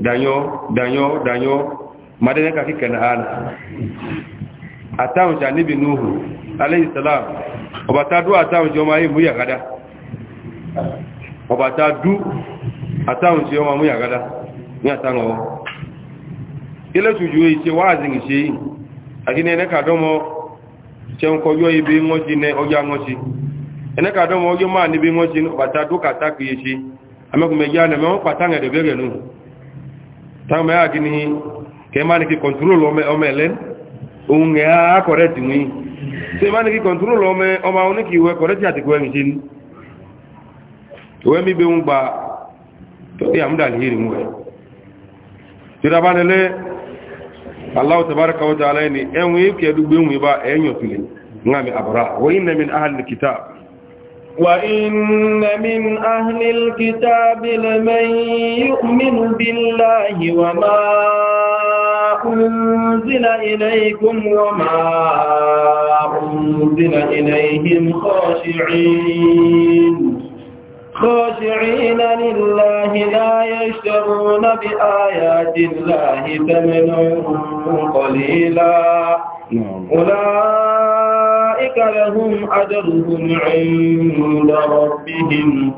danyo alayhi salam ọba ta dú àtàwọn tí ọmọ ayé mú yàgádá ọba ta dú àtàwọn tí ọmọ mú yàgádá ní àtàwọn ọwọ́ ilé ṣùjú iṣẹ́ wáàzì ìṣe yìí àti ní ẹnẹ́kàdọ́mọ ṣe ń kọjọ́ ibi wọ́n ti ní ọjọ́ wọ́n ti ẹnẹ́kàdọ́mọ ọjọ́ máa níbi wọ́n ti ọba ta dú kàtà ṣe kì ọmọ ẹ̀ á kọ̀rẹ́ tì se ma ní kí kọ̀ntúrò lọ mẹ́ ọmọ àwọn oníkì ìwẹ́ kọ̀rẹ́tì àti kọ̀wẹ́ mìí ní ìwẹ́ mi bẹ́ ń gba tó yà múdà lè rí mú ẹ̀ tí ó bá nílé aláwọ̀ tàbárakà wọ́ta aláìní ẹ̀wọ̀n ikẹ̀ ẹ̀dúgbé wù bá ẹ̀yàn أنزل إليكم وما أنزل إليهم خاشعين خاشعين لله لا يشترون بآيات الله ثمنا قليلا أولئك لهم أجرهم عند ربهم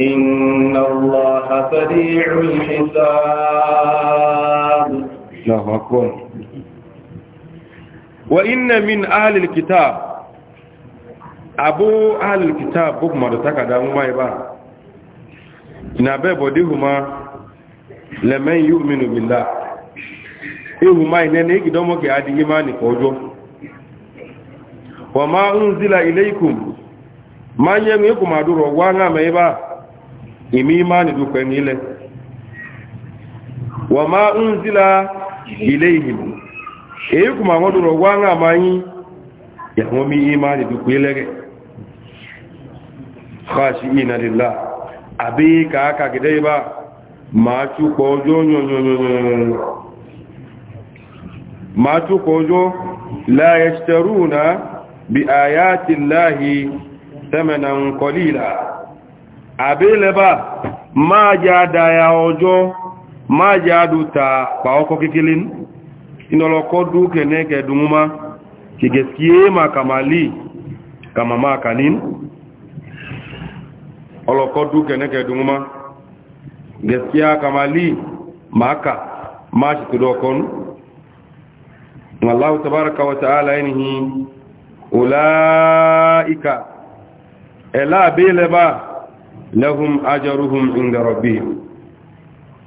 إن الله سريع الحساب الله أكبر وإن من أهل الكتاب أبو أهل الكتاب بكما رتكى دعوما يبا نبي بديهما لمن يؤمن بالله إيهما إنني إيكي دومك عادي إيماني فوجو وما أنزل إليكم ما يميكم أدور وانا ما يبا إمي إيماني دوكوين إليه وما أنزل إليكم ilayhim èyí kò máa wọ́n dúró wá ń àmà yín ìyàwó mi yí máa nìdú pé lẹ́gẹ̀ ṣáàṣì ìnàdìlá àbí kàákà gẹ̀dẹ́ ibá máa túpọ̀ ọjọ́ máa túpọ̀ ọjọ́ láyé ṣẹrúnà bí àyàtì láhì tẹ́mẹ̀nà kọlílà àbí lẹ́bà máa jẹ́ àdáyà ọjọ́ máa jáàdù ta pàọkọ kékeré inọlọkọ dúkẹ nẹ́kẹ dùnmúmá kìgẹ̀ sí é ma kàmà lè kàmà máa kà ní ọlọ́kọ dúkẹ nẹ́kẹ dùnmúmá gẹ̀ sí á kàmà lè máa kà máa ṣètò dọ́kọ́nú aláwọ̀ tàbárakà wata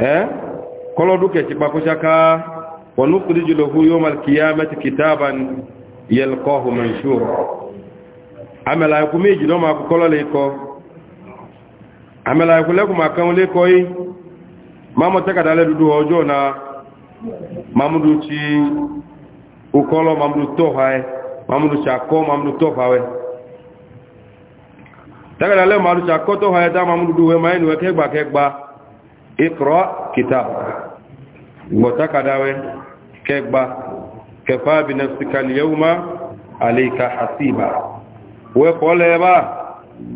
eh kolo duke ci bako shaka wa nukhriju lahu yawm al-qiyamati kitaban yalqahu manshura amala ku meji no ma ko kolo le ko amala ku le ku ma kan le ko yi mamo taka dale dudu ojo na mamudu ci ukolo mamudu tohae mamudu chako mamudu tohawe taka dale mamudu chako tohae ta mamudu duwe mainu kegba kegba ikra kitab gbota kadawe kegba kefa bi nafsika alyawma alayka hasiba we kole ba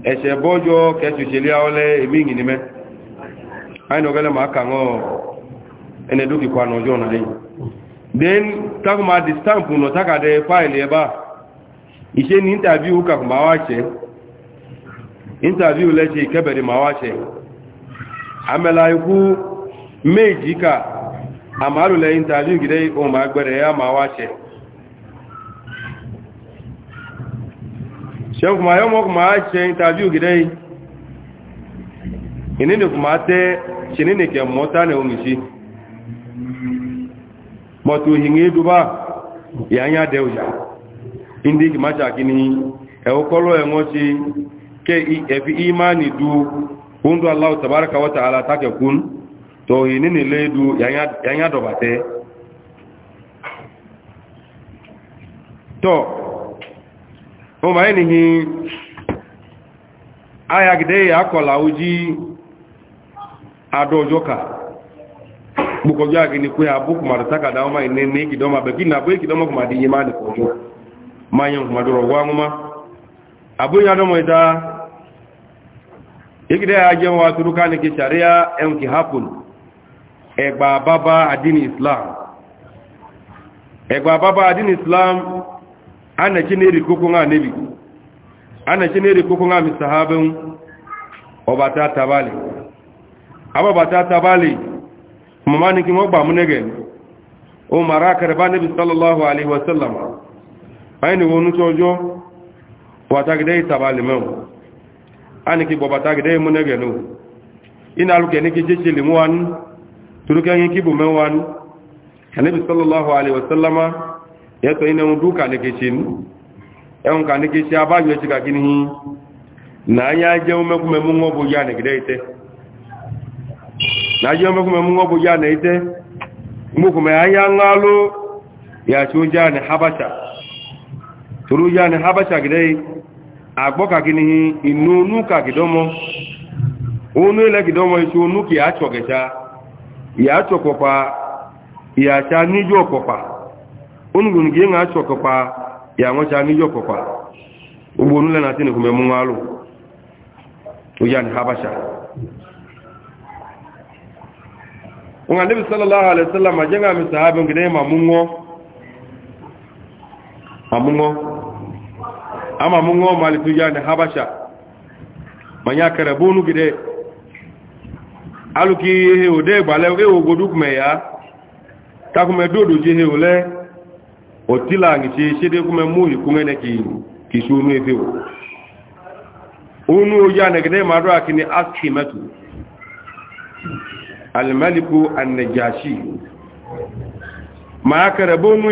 ese bojo kechucheli ole emingi nime aino gele maka ngo ene duki kwa nojo na yi then takuma di stamp no takade file eba ise ni interview ka kuma wache interview leche ikebere ma wache amela ikwu meji ka amalule intaju gide ma agbere ya ma wache ṣe kuma yọ mọ́ inini kuma mọ́tò ya anya de indi ndị e e e ni ẹ̀wọ́kọ́lọ́ ẹ̀wọ́n ṣe kẹ́ ẹ̀fi imani kundu allahu tabaraka wa ta'ala take kun to hinini ledu yanya dobate to o ma enihi aya gide ya kola uji adojoka bukojo agini kwe abuku marataka dauma inene kidoma bekina bwe kidoma kumadi imani kojo manyo kumaduro wanguma abuya domo ita igide ya jẹ́ wa turu ká ní kí ṣàríyá ẹnkì hapun ẹgbà bàbá àdínì islam ẹgbà bàbá adini islam ana ci ne rikoko nga nebi ana ci ne rikoko nga misahabin ọbata tabali bata tabali mama ni kí wọ́n gbà múnẹ́gẹ̀ o mara karba nebi sallallahu alaihi wasallam ainihin wọnú tọjọ́ wàtàgidẹ́ tabali aniki bobata gede mune gelu ina luke niki jechili mwan turuke niki bume wan anabi sallallahu alaihi wasallama yato ina nduka niki chin eon ka niki e chi abaju echi ka kini na anya je ume kume mungo bu ya nigide ite na je ume kume mungo bu ya na ite mu kume anya ngalo ya chuja ni habasha turu ya ni habasha gide agbọ́kàkíní inú onúkà kìdọ́mọ́ oónú ilẹ̀ kìdọ́mọ́ iṣu onúkì àtsọ̀kẹta ìyàtsọ̀kọpa ìyàtsá níjọ́ ọ̀kọpa onúgbònúkì yẹn àtsọ̀kọpa ìyàwọ́tsá níjọ́ ọ̀kọpa gbogbo onúlẹ̀ náà tẹ́lẹ̀ kùmẹ̀ mú wálò tó yá ní habasha wọn àdébì sallallahu alaihi wasallam àjẹ́ngàmì sàábẹ̀ ngìdẹ́ màmúngọ́ ama mun go mali tuja ne habasha manya karabunu gide aluki he ode gbale e wo goduk me ya takume dodo je he ole otila ngi che kume kuma mu yi kuma ki ki sunu unu oja ne gide madu akini askimatu almaliku annajashi ma karabunu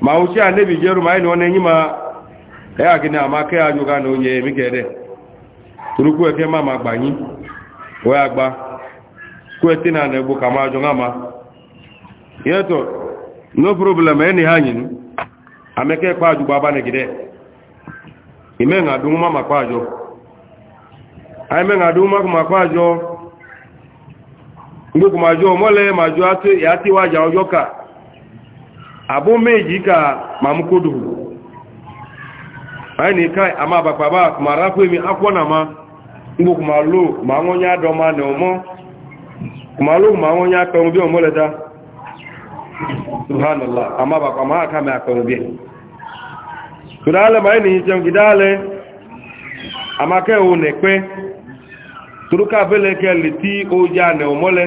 ma uci annabi jeru ma ni wannan yi ma ẹ̀yà kí ní àmákẹ́ àjọgá ní oúnjẹ èmì kẹ́ẹ̀dẹ̀ torúkú ẹ̀kẹ́ máa ma gbà yín wọ́n àgbà kú ẹ̀ tí náà nẹ̀gbò kà máa jọun àmá yẹ́tọ̀ no problem ẹni hàyìn àmẹ́kẹ́ pàájú bàbá nìgidẹ́ ìmẹ́ngàdún máa ma pàájọ àìmẹ́ngàdún máa ma pàájọ gbogbo màjọ mọ́lẹ̀ màjọ àti wájà ọjọ́ ká àbó méjì ká màmúkódùn anyị na ike ama abakpaba ma rapụ emi akwụkwọ na ama mgbe kumalu ma onye adọma na ụmụ kumalu ma onye akpọmbi omoleta subhanallah ama abakpa ma aka ma akpọmbi tudale ma anyị na-ehicha mgidale amaka ewu na ekpe turuka beleke liti oja na k'ama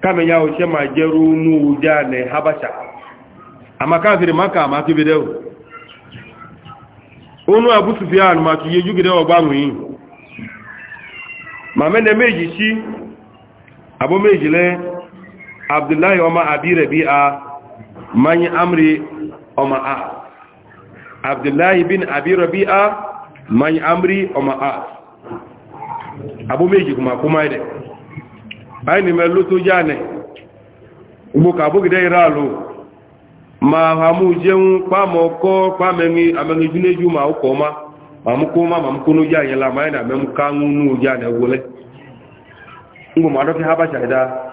kamenya oche ma jeru nu uja na habacha amaka ziri maka amaka bidewo onu abu sufyan ma ki yeju gide ogba nwin ma mene meji chi abu meji le abdullahi oma abi rabi'a manyi amri oma a abdullahi bin abi rabi'a manyi amri oma a abu meji kuma kuma ide ayi ni melu to jane ugbo ka abu gide ira lo ma ha mu jeun pa mo ko pa me ni ameni june ju ma ko ma ma mu ko ma ma mu ko no ja yin la ma ina me mu ka ngun nu ja ne wole ngo ma do ki haba sha da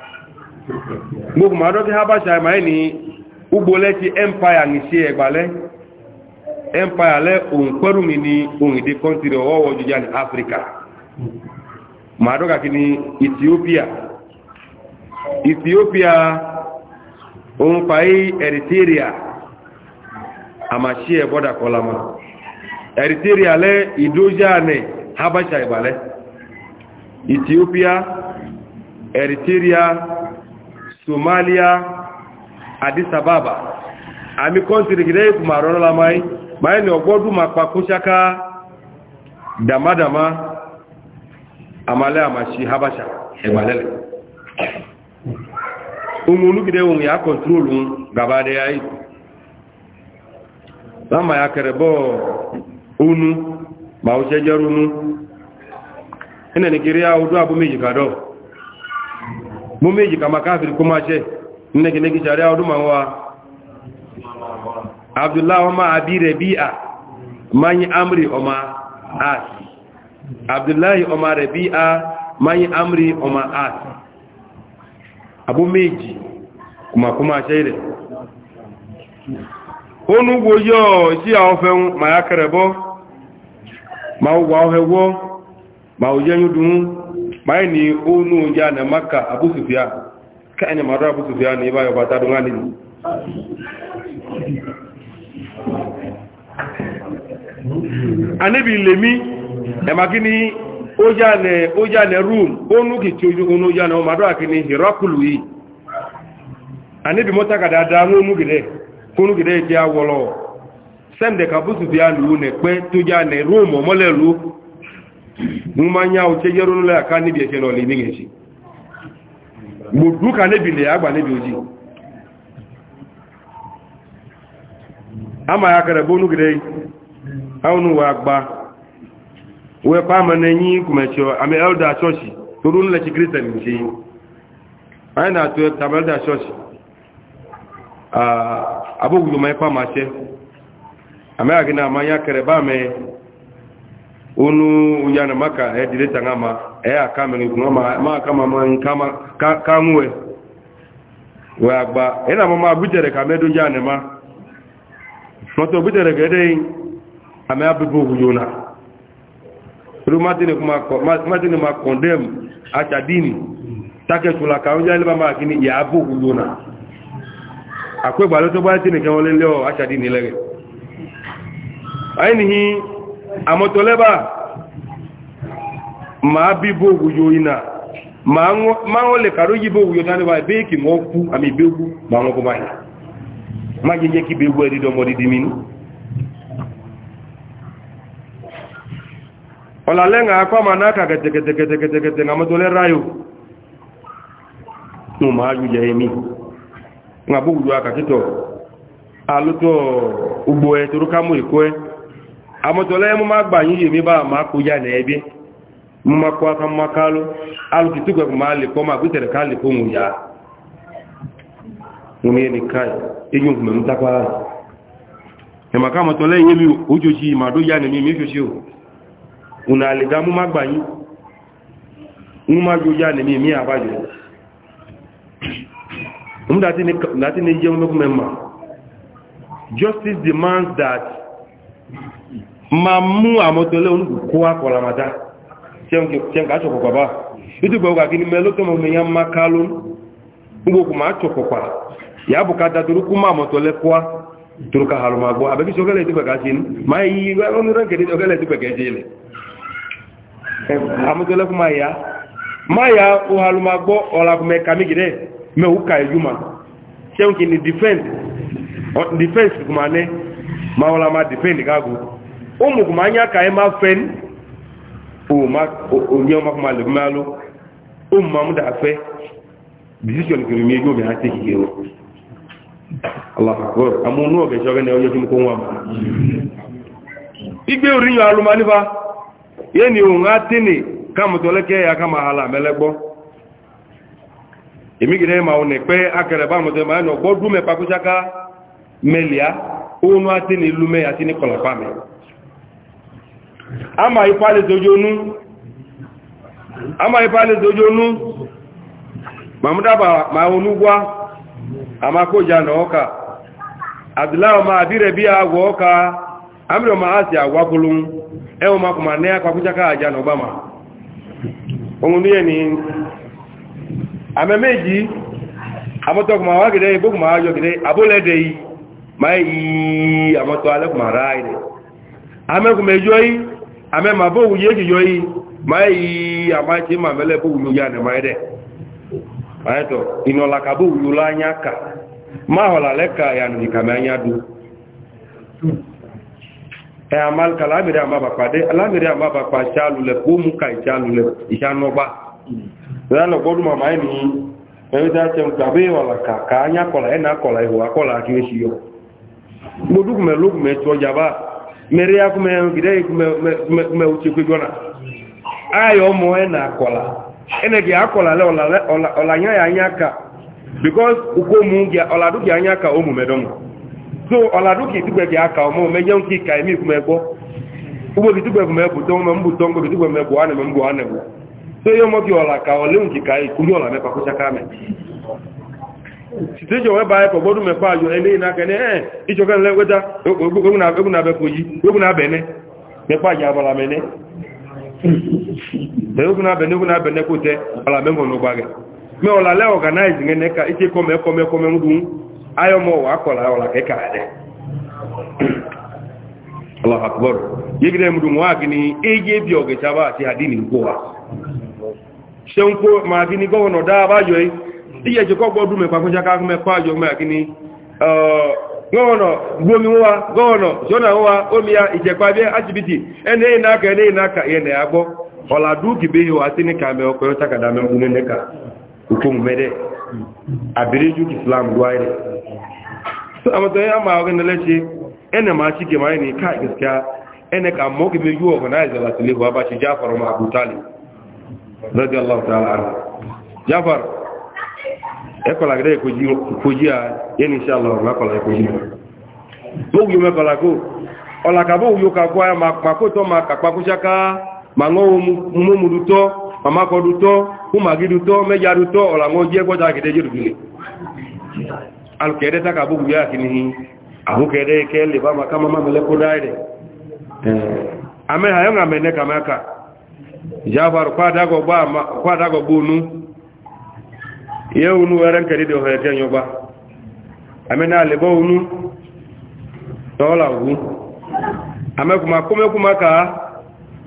ngo ma do ki haba sha ma ni ugbole ti empire ni se egbale empire le on peru mi ni on de country o wo ju ja ni africa ma do ka kini ethiopia ethiopia òun fàáyí eritrea àmàṣí ẹ̀ bọ́dà kọlamá eritrea lẹ́ ìdójáàní habasha ìbàlẹ̀ ethiopia eritrea somalia addis ababa àmì kọ́ntìrì gidẹ́ ìkùnmà rọ́lọ́lá máyí máyí ni ọgbọ́dún ma pàkún ṣáká dàmádàmá àmàlẹ́ àmàṣí habasha ìbàlẹ̀lẹ̀ ohun olúgide ohun ya kọntrol ń gaba ya. ayé láma ya kere bo onu ma o se jeru mú ẹnẹ̀ ní kiri ọdún abú méjì kàdọ̀ mú méjì maka káàfiri kó máa ṣẹ́ nínẹ̀kínẹ́kí ṣàrí ọdún ma wá abdullahi ọmọ abi mayi amri ọmọ àti abdullahi manyi amri abó méjì kùmàkùmà ṣe rẹ̀ ó núgbò yọ́ sí àwọn fẹ́un ma ya kẹrẹ bọ́ ma ó wà ọ́hẹ́ ma ó yẹ́yún ma yẹ́ ni onu nú oúnjẹ ànà maka abúsùfíà káàkiri màdúrà abúsùfíà ní ibá yọba tá dùnmá nínú anábì lèmi ẹ̀mà kí ni ojane ojane room onu ki choju onu ojane o a akini hirakulu yi anibi mota a da nu nu gide kunu gide ti awolo sende ka busu bi alu ne pe to jane room o molelu mu ma nya o aka ni bi eke no le ni ngechi gbodu ka ne agba n'ebi oji ama ya agba uwe kwa ama na enyi kumecho ame elder church turu nle chi christian nchi anyị na-atụ tam elder church abụghị na amanya kere ba ame unu ya na maka edileta nga ma ee ma ma ma ma agba na mama butere ka medo ya na ma mọta ga na torí mátínì ma kọ̀ndẹ̀m àtàdínì tákẹ̀tùlà kàrún jẹ́ ilé bá máa kí ní ìyàbò gbogbo náà àkwẹ́gbà ló tó bá tí nìkan wọlé lẹ́ọ̀ àtàdínì lẹ́rẹ̀ àìníhí àmọ́tọ̀lẹ́bà máa bí bóògù yóò iná máa wọ́n lè kàró yí bóògù yóò dáníwà ìbéèkì mọ́ kú àmì ìbéèkù máa wọ́n kọ́ báyìí má jẹ́ jẹ́ kí bẹ́ẹ̀gbọ́ ẹ̀dídọ́mọ́ dídí mínú ọ̀làlẹ́ngà akọ́ ma náà kàkẹtẹkẹtẹkẹtẹkẹtẹ àmọ́tọ́lẹ́ ráyò mú ma ájú jẹ èmi ńgbà bó wùdó akàkítọ̀ alótọ́ ugbó ẹ torú ká mú ìkó ẹ àmọ́tọ́lẹ́ mú má gbà yíyè mi bá ma kó ya ní ẹbí mú ma kó aká má káló ma lè kọ́ ma ká lè mú ẹni ká mú tápá una aliga mú má gbà yín mú má jó a nìmí mí àbájọ mú dàtí ní jẹun mẹ́kún mẹ́mà justice demands that ma mú àmọ́tọ́lẹ́ onúkú akọ̀làmàdá tiẹn m'ata, sọ̀kọ̀ bàbá ìtùgbà ọgbà kí ni má ká ló gbogbo ma sọ̀kọ̀ pa yàbù ká da torúkú amutole kuma ya ma ya uhaluma gbɔ ɔlakumɛ kami gidɛ mɛ u ka ejuma sɛwọn kini defense defense kuma ne ma wala ma defend kago o kuma anya ka ye ma fɛn o ma o nyɛ ma kuma lebi ma lo o ma mu da fɛ decision kiri mi ye yoo mi a o amu igbe ori nyɔ aluma nifa. yeni onwe atini kamụtoleke ya ka ma ha la melegbo emigide ma ụna ekpe akere ba mụtara ma ya na ọgbọ dume pakụchaka melia unu atini lume ya tini kọlọpami ama ipali dojonu ama ipali dojonu ma mụdaba ma onugwa amakụja na ọka abdullahi ma adire biya agwa ọka amri maasi agwakulum ewo makuma ne akwakuja kaja no bama ongundiye ni amemeji amoto kuma wagide ibu kuma ajo gide abule dei mai amoto ale kuma raide ame kuma joi ame mabo uye joi mai amachi mamele bu uya ne maide aito inola kabu ulanya ka mahola leka yani kamanya du amal ka lamiri amabakpa de ama amabakpa tsi alu le ko mu ka tsi alu le tsi anɔgba lẹ́yìn ọgbọ́dún màmá ẹni ẹ̀rẹ́dá tẹun tàbí ọ̀làkà ká ányá kọ̀lá ẹ̀nà kọ̀lá ìhòwà yọ gbódúkùmẹ̀ lókùmẹ̀ tí ọjà bá mẹ́rẹ́ because so ọ̀làdókè ìdúgbẹ̀gẹ̀ aka ọmọ mẹ́jẹun kí ìka ẹ̀mí ìkúmẹ́gbọ́ ugbo kì ìdúgbẹ̀gùnmẹ́ bù tọ́ mọ́ mbù tọ́ ngọ́bì ìdúgbẹ̀mẹ́ bù ánà mbù ánà wù so yóò mọ́ kí ọ̀là ka ọ̀lẹ́hùn kìka ìkúrí ọ̀là mẹ́fà kó ṣaká mẹ́ tìtẹ́jọ wẹ́ bá ẹ̀kọ́ gbọ́dún mẹ́fà ayọ̀ ẹlé iná kẹ́ni ayọ mọ wà kọla ọlà kẹkà rẹ aláhàkùbọrù yígidẹ mùdù wọn àgìní ẹjẹ bí ọgẹsàbà àti àdínì nkó wa ṣe ń kó máa gíní gọ́wọ̀nà dáàbá yọ iye ìjẹkọ́ gbọ́dún mẹ́pa fún ṣáká mẹ́pa yọ mẹ́gíní gọ́wọ̀nà gbomi wọ́wa gọ́wọ̀nà jọ́nà wọ́wa omiya ìjẹpa bí asibiti islam a ya mawa ganin lashe ene ma ci ke mai ne ka gaskiya ene ka ba shi jafar ma abu talib radiyallahu ta'ala anhu jafar ko ji a yen insha Allah kola e ko ji me kola ko ola ka bo yo ka ko ma pa ko to ma ka pa ko shaka ma ngo mu mu du to ma ko du to ku ma gi du to me ja du to ola ngo je ko du ni alùkẹ́ẹ̀dẹ́ tàkà búgbù yá kì ní àhúkẹ́ẹ̀dẹ́ ikẹ́ lè bá maka mama mẹ́lẹ́kó dáìdẹ̀ amẹ́hàyọ́n àmẹ́nẹ́ kàmẹ́ka jáfàrù kwádàgọ̀gbónú yẹ́unú ẹrẹ́n kẹ́dẹ́dẹ́ ọ̀hẹ̀ẹ́kẹ́ yọba amẹ́nà àlẹ́bọ́ unú tọ́ọ̀lá ògú amẹ́kùnmá kúmẹ́kùnmá ká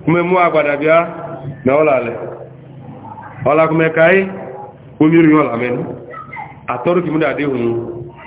kúmẹ́mú àgbàdàbíá na ọ̀làlẹ̀ ọ̀làkùnmẹ́káyé omi rí ọ̀làmẹ́nu àtọ́rùkìmúdàdé òun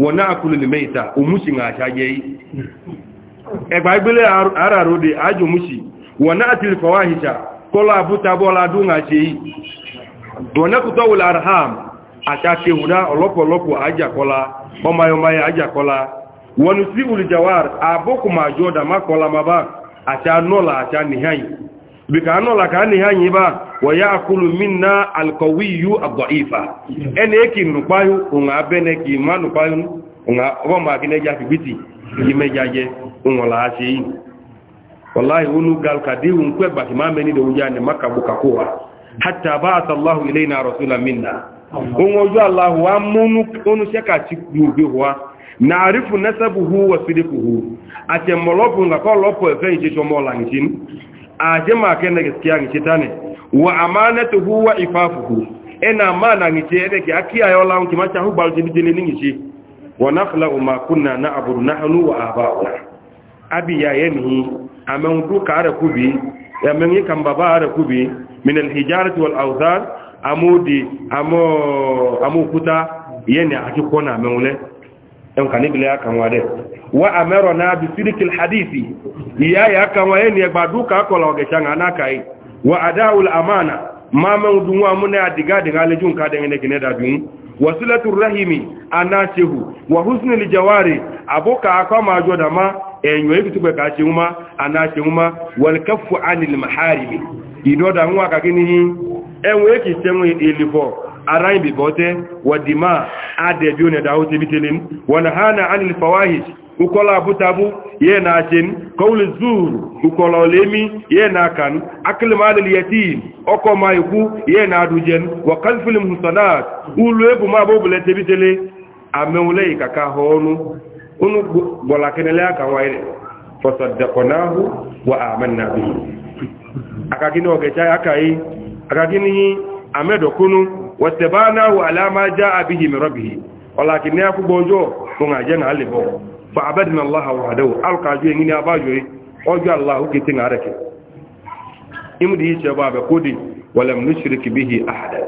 wọn náà kúlù lè mẹ́ta òmúsì ń àṣà jẹ́ yìí ẹgbà ìgbélé àràròdè àjò músì wọn náà ti fọwá àhìṣà kọ́lá àbúta bọ́lá dún àṣẹ yìí wọn náà kútọ́ wùlà arham àṣàṣe hùdá ọlọ́pọ̀lọpọ̀ àjàkọ́lá ọmọayọmọayọ àjàkọ́lá wọn sí olùjàwár àbókùnmájọ́ dàmákọ́lá mabá bika anọla ka a na ihe anyị ebe a waya akulu minna alkowiyu abdaifa ene eki nukpayu unga abene ki ma nukpayu unga wama gine ja fibiti ime jaje ungola ase yi wallahi unu gal kadi un kwe baki ma meni de ujane makabu kakuwa hatta ba'atha allah ilayna rasula minna ungoju allah wa munu unu sheka ti mubi huwa naarifu nasabuhu wa sidiquhu atemolopu ngakolopo efe nje chomola ngin a jima kai na gaskiya ngice ta ne wa amanatuhu wa ifafuhu ina mana ngice ene ki akiya yola ngi macha hu balje bijele ni ngice wa nakhla'u ma kunna na'budu nahnu wa aba'una abi ya yemi amen du kare kubi amen yi kan baba are kubi min al-hijarati wal awzan amudi amo amukuta yene akikona amen ule en kanibile akanwa de wa amero na bi sirikil hadithi iya ya kama yeni ba duka kola oge changa na kai wa adaul amana mama udunwa muna diga diga le jun ka dengene gine da dun wasilatul rahimi anachehu wa husnul jawari abuka akama joda ma enyo ibi tugbe ka che uma anache uma wal kaffu anil maharimi idoda nwa wa dima adebi ne da hote bitelin wa nahana anil fawahish ukola butabu ye na chin kawul zur ukola olemi ye na kan akil malil yatim oko maiku ye na dujen wa kalfil musanat ulu ebu ma bo bule tebitele ameule ikaka honu unu bola kenele aka waire fasaddaqnahu wa amanna bihi akagini ogecha akai akagini amedokunu wastabanahu ala ma jaa bihi min rabbih walakin yakubonjo kunga jenga alibo fa abadina allah wahdahu alqaju ngini abajo e. ojo allah ke tin arake imudi ce ba ba kodi walam nushrik bihi ahada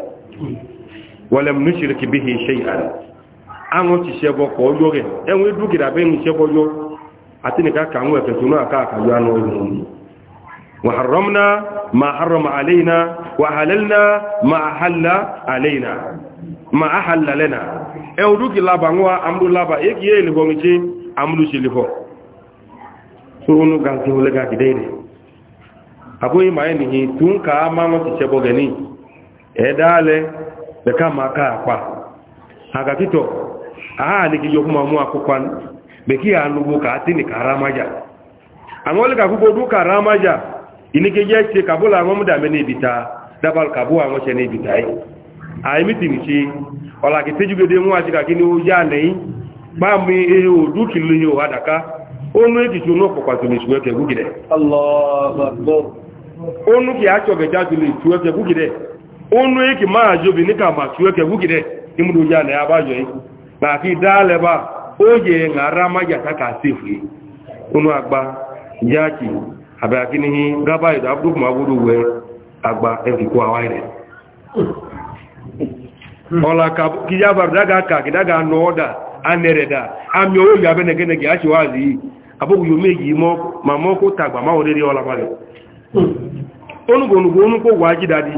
walam nushrik bihi ti se ko ojo enwe dukira be mi se yo ati ka ka ke aka aka yo anu ni wa harramna ma harrama alaina wa ma alaina ma lana e odukila ba amdu laba e ki e amúlù ṣe lè fọ́ tó rúnú gàǹtí olẹ́gà gìdẹ́ rẹ̀ àbúyí máa nìyí tó ń ka máa wọ́n ti ṣẹbọ gẹ̀ní mu alẹ́ bẹ̀ká máa ká àpá àgàtítọ̀ àhàlẹ́kì yọ fún ma mú akópa bẹ̀kí àánúgbò kàátí ní kàrámájà àwọn olẹ́gà púpọ̀ dún kàrámájà ìníkẹjẹ́ ṣe kàbólà àwọn mọ́dàmẹ́ ní ibìta dábàl kàbó àwọn ṣẹ ní ibìta yìí àìmítì nìṣe ọ̀làkìtẹ́jú gẹ́gẹ́ mú àṣíkàkí ní ó yá nẹ́yìn ba mu ihe odu kilo ihe ụha daka onu ejichi onu ọkpọkwaziri ichu eke gwugide onu e ki achọbeja jiri ichu eke gwugide onu eki maajobi nika ma chu eke gwugide imudu ya na ya bajo iku na ki daleba oye nga rama ya taka sefu yi onu agba ọ́dà a àmì owó ìyà abẹ́nẹgẹ́nẹgẹ́ á ṣe wá àzì yìí àbúkùyò méjì ma mọ́ kó tàgbà máa wọ́n lérí ọlábalẹ̀ onúgbònúgbò onúkò wà jídádí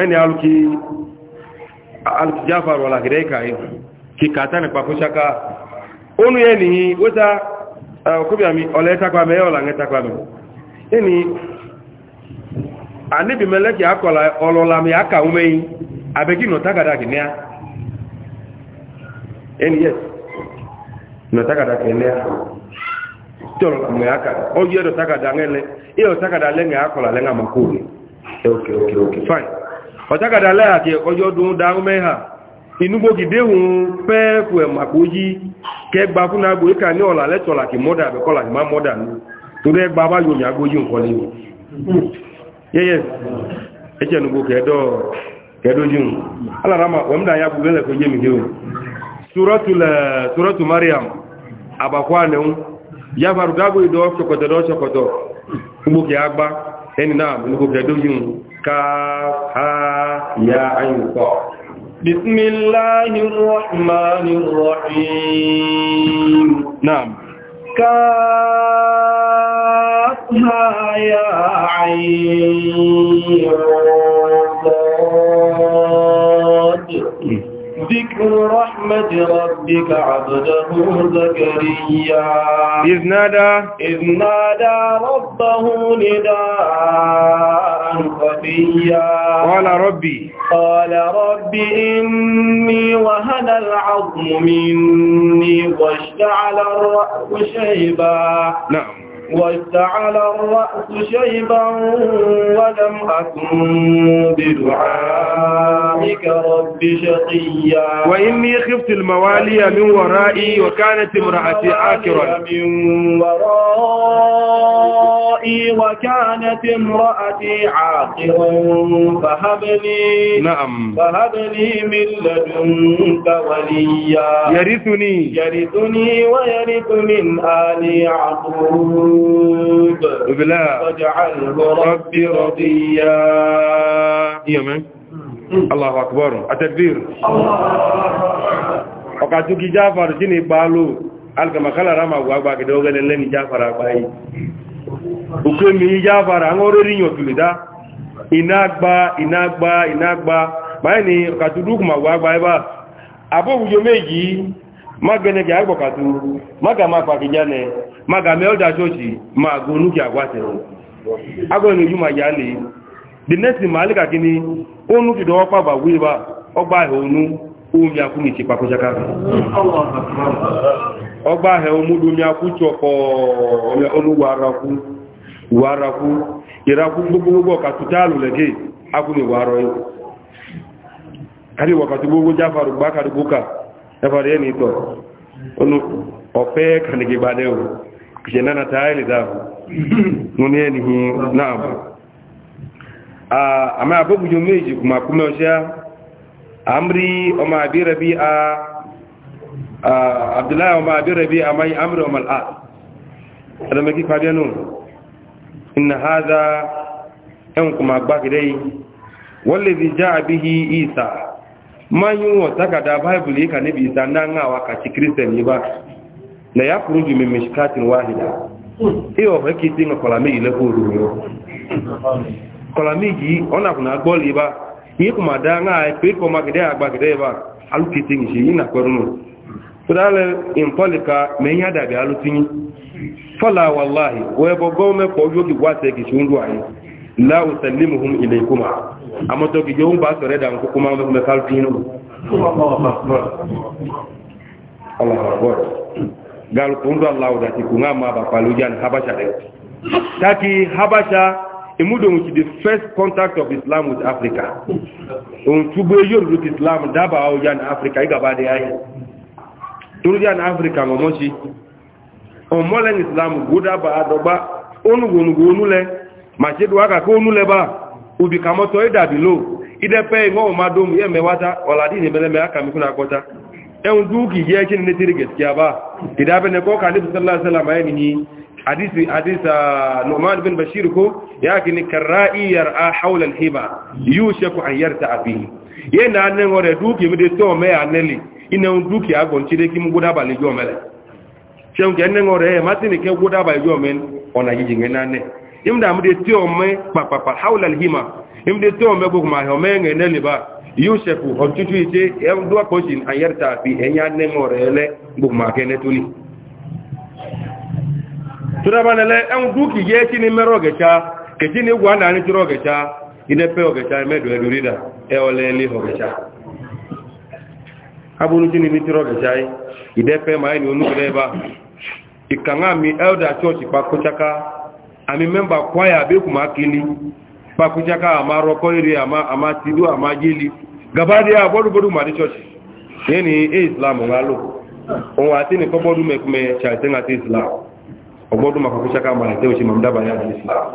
ẹni alùkí alùkìjáfàrọ̀ alàgẹ́rẹ́ ìkàyẹ̀ kí kàtà nípa fún ṣaka onú yẹ nìyí wọ́ta ọkùnrin tágàdà gìnìyà NES Nataka takada kene tolo kamwe akada o yero takada ngele iyo takada lenge akola lenga makuri okay okay okay fine o takada le ati ojo dun da umeha inugbo gide hun pe ku e makoji ke gba fun agbo ka ni ola le tola ki moda be kola ki ma moda ni torí ẹgbà bá yóò yàgbó yóò kọ́ lè yẹ́yẹ́ ẹjẹ́ nùgbò kẹ́ẹ̀dọ́ kẹ́ẹ̀dọ́ yóò alára ma wọ́n dá yàgbó lẹ́lẹ́kọ́ yé mi yóò suratu mariam abakwaneun ya faru dabo ido sokoto do sokoto ugbo ki agba eni na nuko ke doyin ka ha ya ayin ko bismillahir rahmanir rahim na'am ka ha ya ayin ذكر رحمة ربك عبده زكريا إذ نادى إذ نادى ربه نداء خفيا قال ربي قال ربي إني وهن العظم مني واشتعل الرأس شيبا نعم واجعل الرأس شيبا ولم أكن بدعائك رب شقيا وإني خفت الموالي من ورائي وكانت امرأتي عاكرا من ورائي وكانت امرأتي عاقرا فهبني نعم فهبني من لدنك وليا يرثني يرثني ويرث من آل يعقوب القلوب بلا واجعله ربي رضيا يمين الله أكبر التكبير ọkàtúkì jáfàrù tí ní pàálò alkamakala rama gbagba gẹ̀dẹ̀ ọgẹ́lẹ̀ lẹ́ni jáfàrù àgbáyé òkè mi jáfàrù àwọn orí yàn tùlù dá iná gba iná gba iná gba báyìí ni ọkàtúkù ma gbagba ẹbá abóhùjọ méjì má maga me oda ma go nuki agwate ro ago ni juma ya le the next malika kini onu ki do pa ba wi ba ogba he onu omi aku ni ti pa ko jaka ogba he omu do mi aku choko onu wara ku ka tutalu lege aku ni waro yi ari wakati gbogbo jafaru to onu ọ̀fẹ́ náà kujenana tayari dhabu nunieni hii naam ah ama abubu jumeji kuma kumeosha amri oma abi rabi'a ah, abdullah oma abi rabi'a mai amri oma al-as adama ki fabianu inna hadha yan kuma gbaki dai wallazi ja'a bihi isa man yuwa takada bible yake nabi isa nan awa na ya kwuru gị mmemme shikatin wahida ihe ọfọ ka ite kọlami yi lekwa oruru kọlami ji ọ na kwụna agbọ liba ihe kuma da nga ekpe kọ magide agbagide ba alụkite nshi yi na kwere nụ tụdale impọlika ma ihe adabi alụtinye fọla wallahi wee bụ gọọmenti kpọ oge gwasa gị shi ndụ anyị la usallimuhum ilaykuma amato gi jom ba sore dan kuma me kalfinu Allah akbar Allah akbar gal kundu allah da ti kunga ma ba falujan habasha de taki habasha imudo mu the first contact of islam with africa on tubo yoru with islam daba o jan africa iga ba de ayi turu jan africa mo mo si on mo len islam guda ba adoba onu gonu gonu le ma se duwa ka ko onu le ba ubi kamoto ida bilo ide pe ngo ma do mu ye me wata oladi ni bele me aka mi kuna kota yan duki ya kin ne tiri gaskiya ba idan bin ko kalifu sallallahu alaihi wasallam ya ni hadisi hadisa nu'man bin bashir ko ya kin karra'i yar'a hawla al-hiba yushaku an yarta'a fihi yana nan ore duki mi de to me aneli ina duki agon chide kim guda ba le jo mele sheun ke nan ore eh, ma tin ke guda ba jo men ona yiji ngenane imda mi de to me pa pa pa hawla al-hima imde to me go ma ho me ngeneli ba yusufu ọtútù ìṣe ẹgbẹ́kọ̀ọ́sìn ayẹ́ta fi ẹ̀yà nẹ́mọ̀ rẹ̀ ẹlẹ́ gbogbomakẹ́lẹ́ tó ní turabanẹlẹ́ ẹun dúkì yẹ́ tí ni mẹ́rọ ọ̀gẹ̀ta kẹtí ni wà náà ní tí ọ̀gẹ̀ta inẹ́pẹ́ ọ̀gẹ̀ta mẹ́dọ̀ ẹ̀dù rídà ẹọlẹ́lẹ́ ọ̀gẹ̀ta ni mi tí ọ̀gẹ̀ta ìdẹ́pẹ́ máa ní onúkẹ́lẹ́ mi elder church pakúchaka àmì mẹ́mbà kwaya abẹ́kùnmákili pakúchaka àmà rọkọ́ èrè àmà tìlú àmà jẹ́lì Gabadia a gbọrụgbọrụ ma dị chọọchị ihe na e islam nwa alụ onwa ati ni kọbọdụ mekume chaite ngata islam ọgbọdụ maka kwụchaka ma ete ochi ma m dabanye adị islam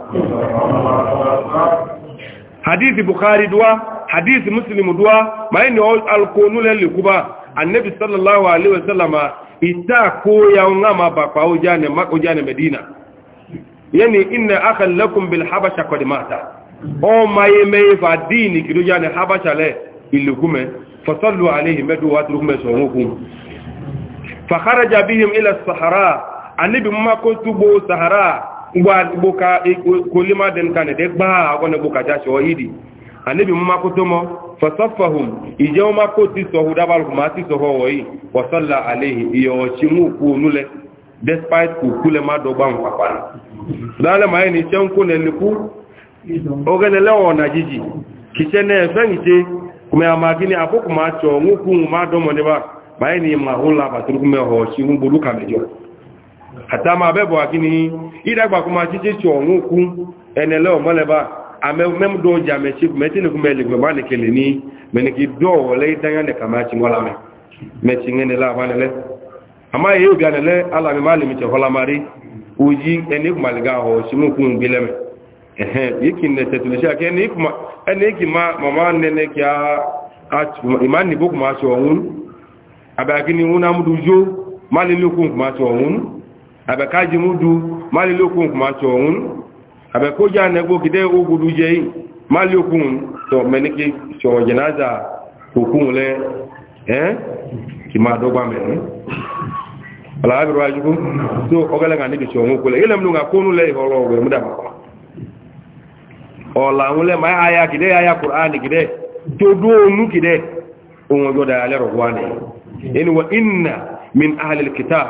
hadith bukhari dua hadith muslim dua ma ni alkonu lele kuba annabi sallallahu alaihi wasallama ita ko ya nga ma ba pa ojane ma ojane medina yani inna akhal lakum bil habasha qad mata o ma yeme fa dini kidojane habasha le ilukume fasallu alaihim medu wa turukume songoku fa kharaja bihim ila sahara anibi ma ko tubo sahara ngwa boka kolima den kane de gba agone boka ja so yidi anibi ma ko tomo fasaffahum ijaw ma ko ti so hudabal kuma ti so hoyi wa salla alaihi iyo chimu ku nule despite ku kule ma do gba nkwa dala mai ni chenku ne liku ogene lewo na jiji kichene fengi me ama gini apo kuma cho nguku ma domo ne ba bai ni ma hula ba turu kume ho shi ka hata ma be bo akini ida gba kuma chi chi cho nguku enele o mole ba ame mem do ja me chi kume tinu le ma ne kele ni me ne ki do le danya ne kama chi ngola me me chi ngene la ba ne ama ye ga ne le ala me mali mi ene kuma le ga ho shi E, ma mama nene ima nibo kuma aṣọ ọ̀hún a ni wọ́n amúdú yó má lè lókun kuma aṣọ ọ̀hún abẹ́kájí múdú má lè lókun kuma aṣọ ọ̀hún abẹ́kójá anẹ́gbó gidẹ́ ogudu jẹ́ yìí má lókun tọ mẹ́níkí ṣọ̀rọ̀ jẹ́náza òkun lẹ́ ẹ́ kì máa dọ́gba mẹ́rin ọ̀làwábẹ̀rẹ̀ wájú tó ọgẹ́lẹ́ ọ̀la àwọn lẹ́mà ayá kìdẹ́ ayá kùránì kìdẹ́ dodo onú kìdẹ́ ohun ọjọ́ da alẹ́rọ̀ wà ní inuwa inna min ahalil kitab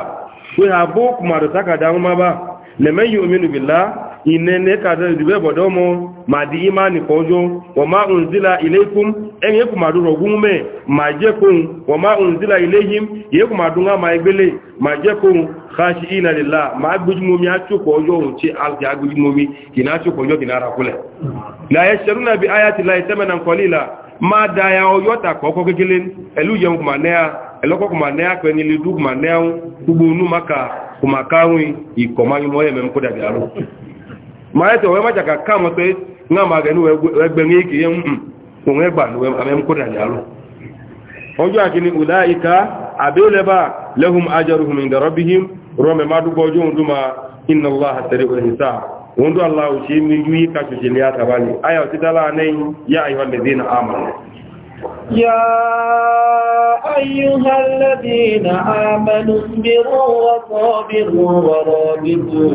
we have both madu takada lẹ́mẹ́yìn ominu billah inene kada dube bodomo madi imani kojo wama unzila ilaykum en yeku maduro gume majekun wama unzila ilayhim yeku madunga maigbele majekun khashiina lillah ma gbujmu mi achu kojo unchi alti agbujmu mi kinachu kojo kinara kule la yashruna bi ayati llahi thamanan qalila ma daya oyota koko kekelen elu yewu manea eloko kumanea kweni lidu kumanea kubunu maka kumakawin ikomayo moye memkoda garo ma ete wee macha ka ka nweta nga ma ga egbe nye ike ihe mkpu onwe gba na ame a ya alụ ọjọ a gịnị ụda ika abeleba lehum ajaruhum inda rabbihim bụ madu ma inna allaha sari'ul hisab allah uchi min yuyi ka ya ya يا أيها الذين آمنوا اصبروا وصابروا ورابطوا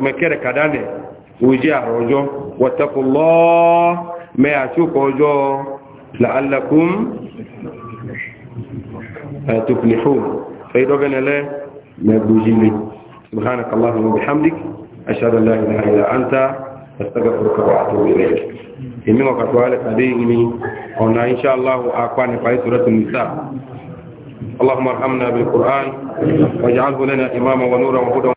mẹkẹrẹ kadane ojú àrọ̀ ọjọ́ wọ́tẹ́kùnlọ́ mẹ àṣókọ̀ ọjọ́ la'allakum tuflihun fẹ́ dọ́gẹ́nẹ̀lẹ́ mẹ́gbòjìlẹ̀ subhanaka allahumma wa bihamdik ashhadu an la ilaha illa anta astaghfiruka wa atubu ilayk èmi ko ka tuwale kade ni ona insha allah akwa ni pa suratul nisa اللهم ارحمنا بالقران واجعله لنا اماما ونورا وهدى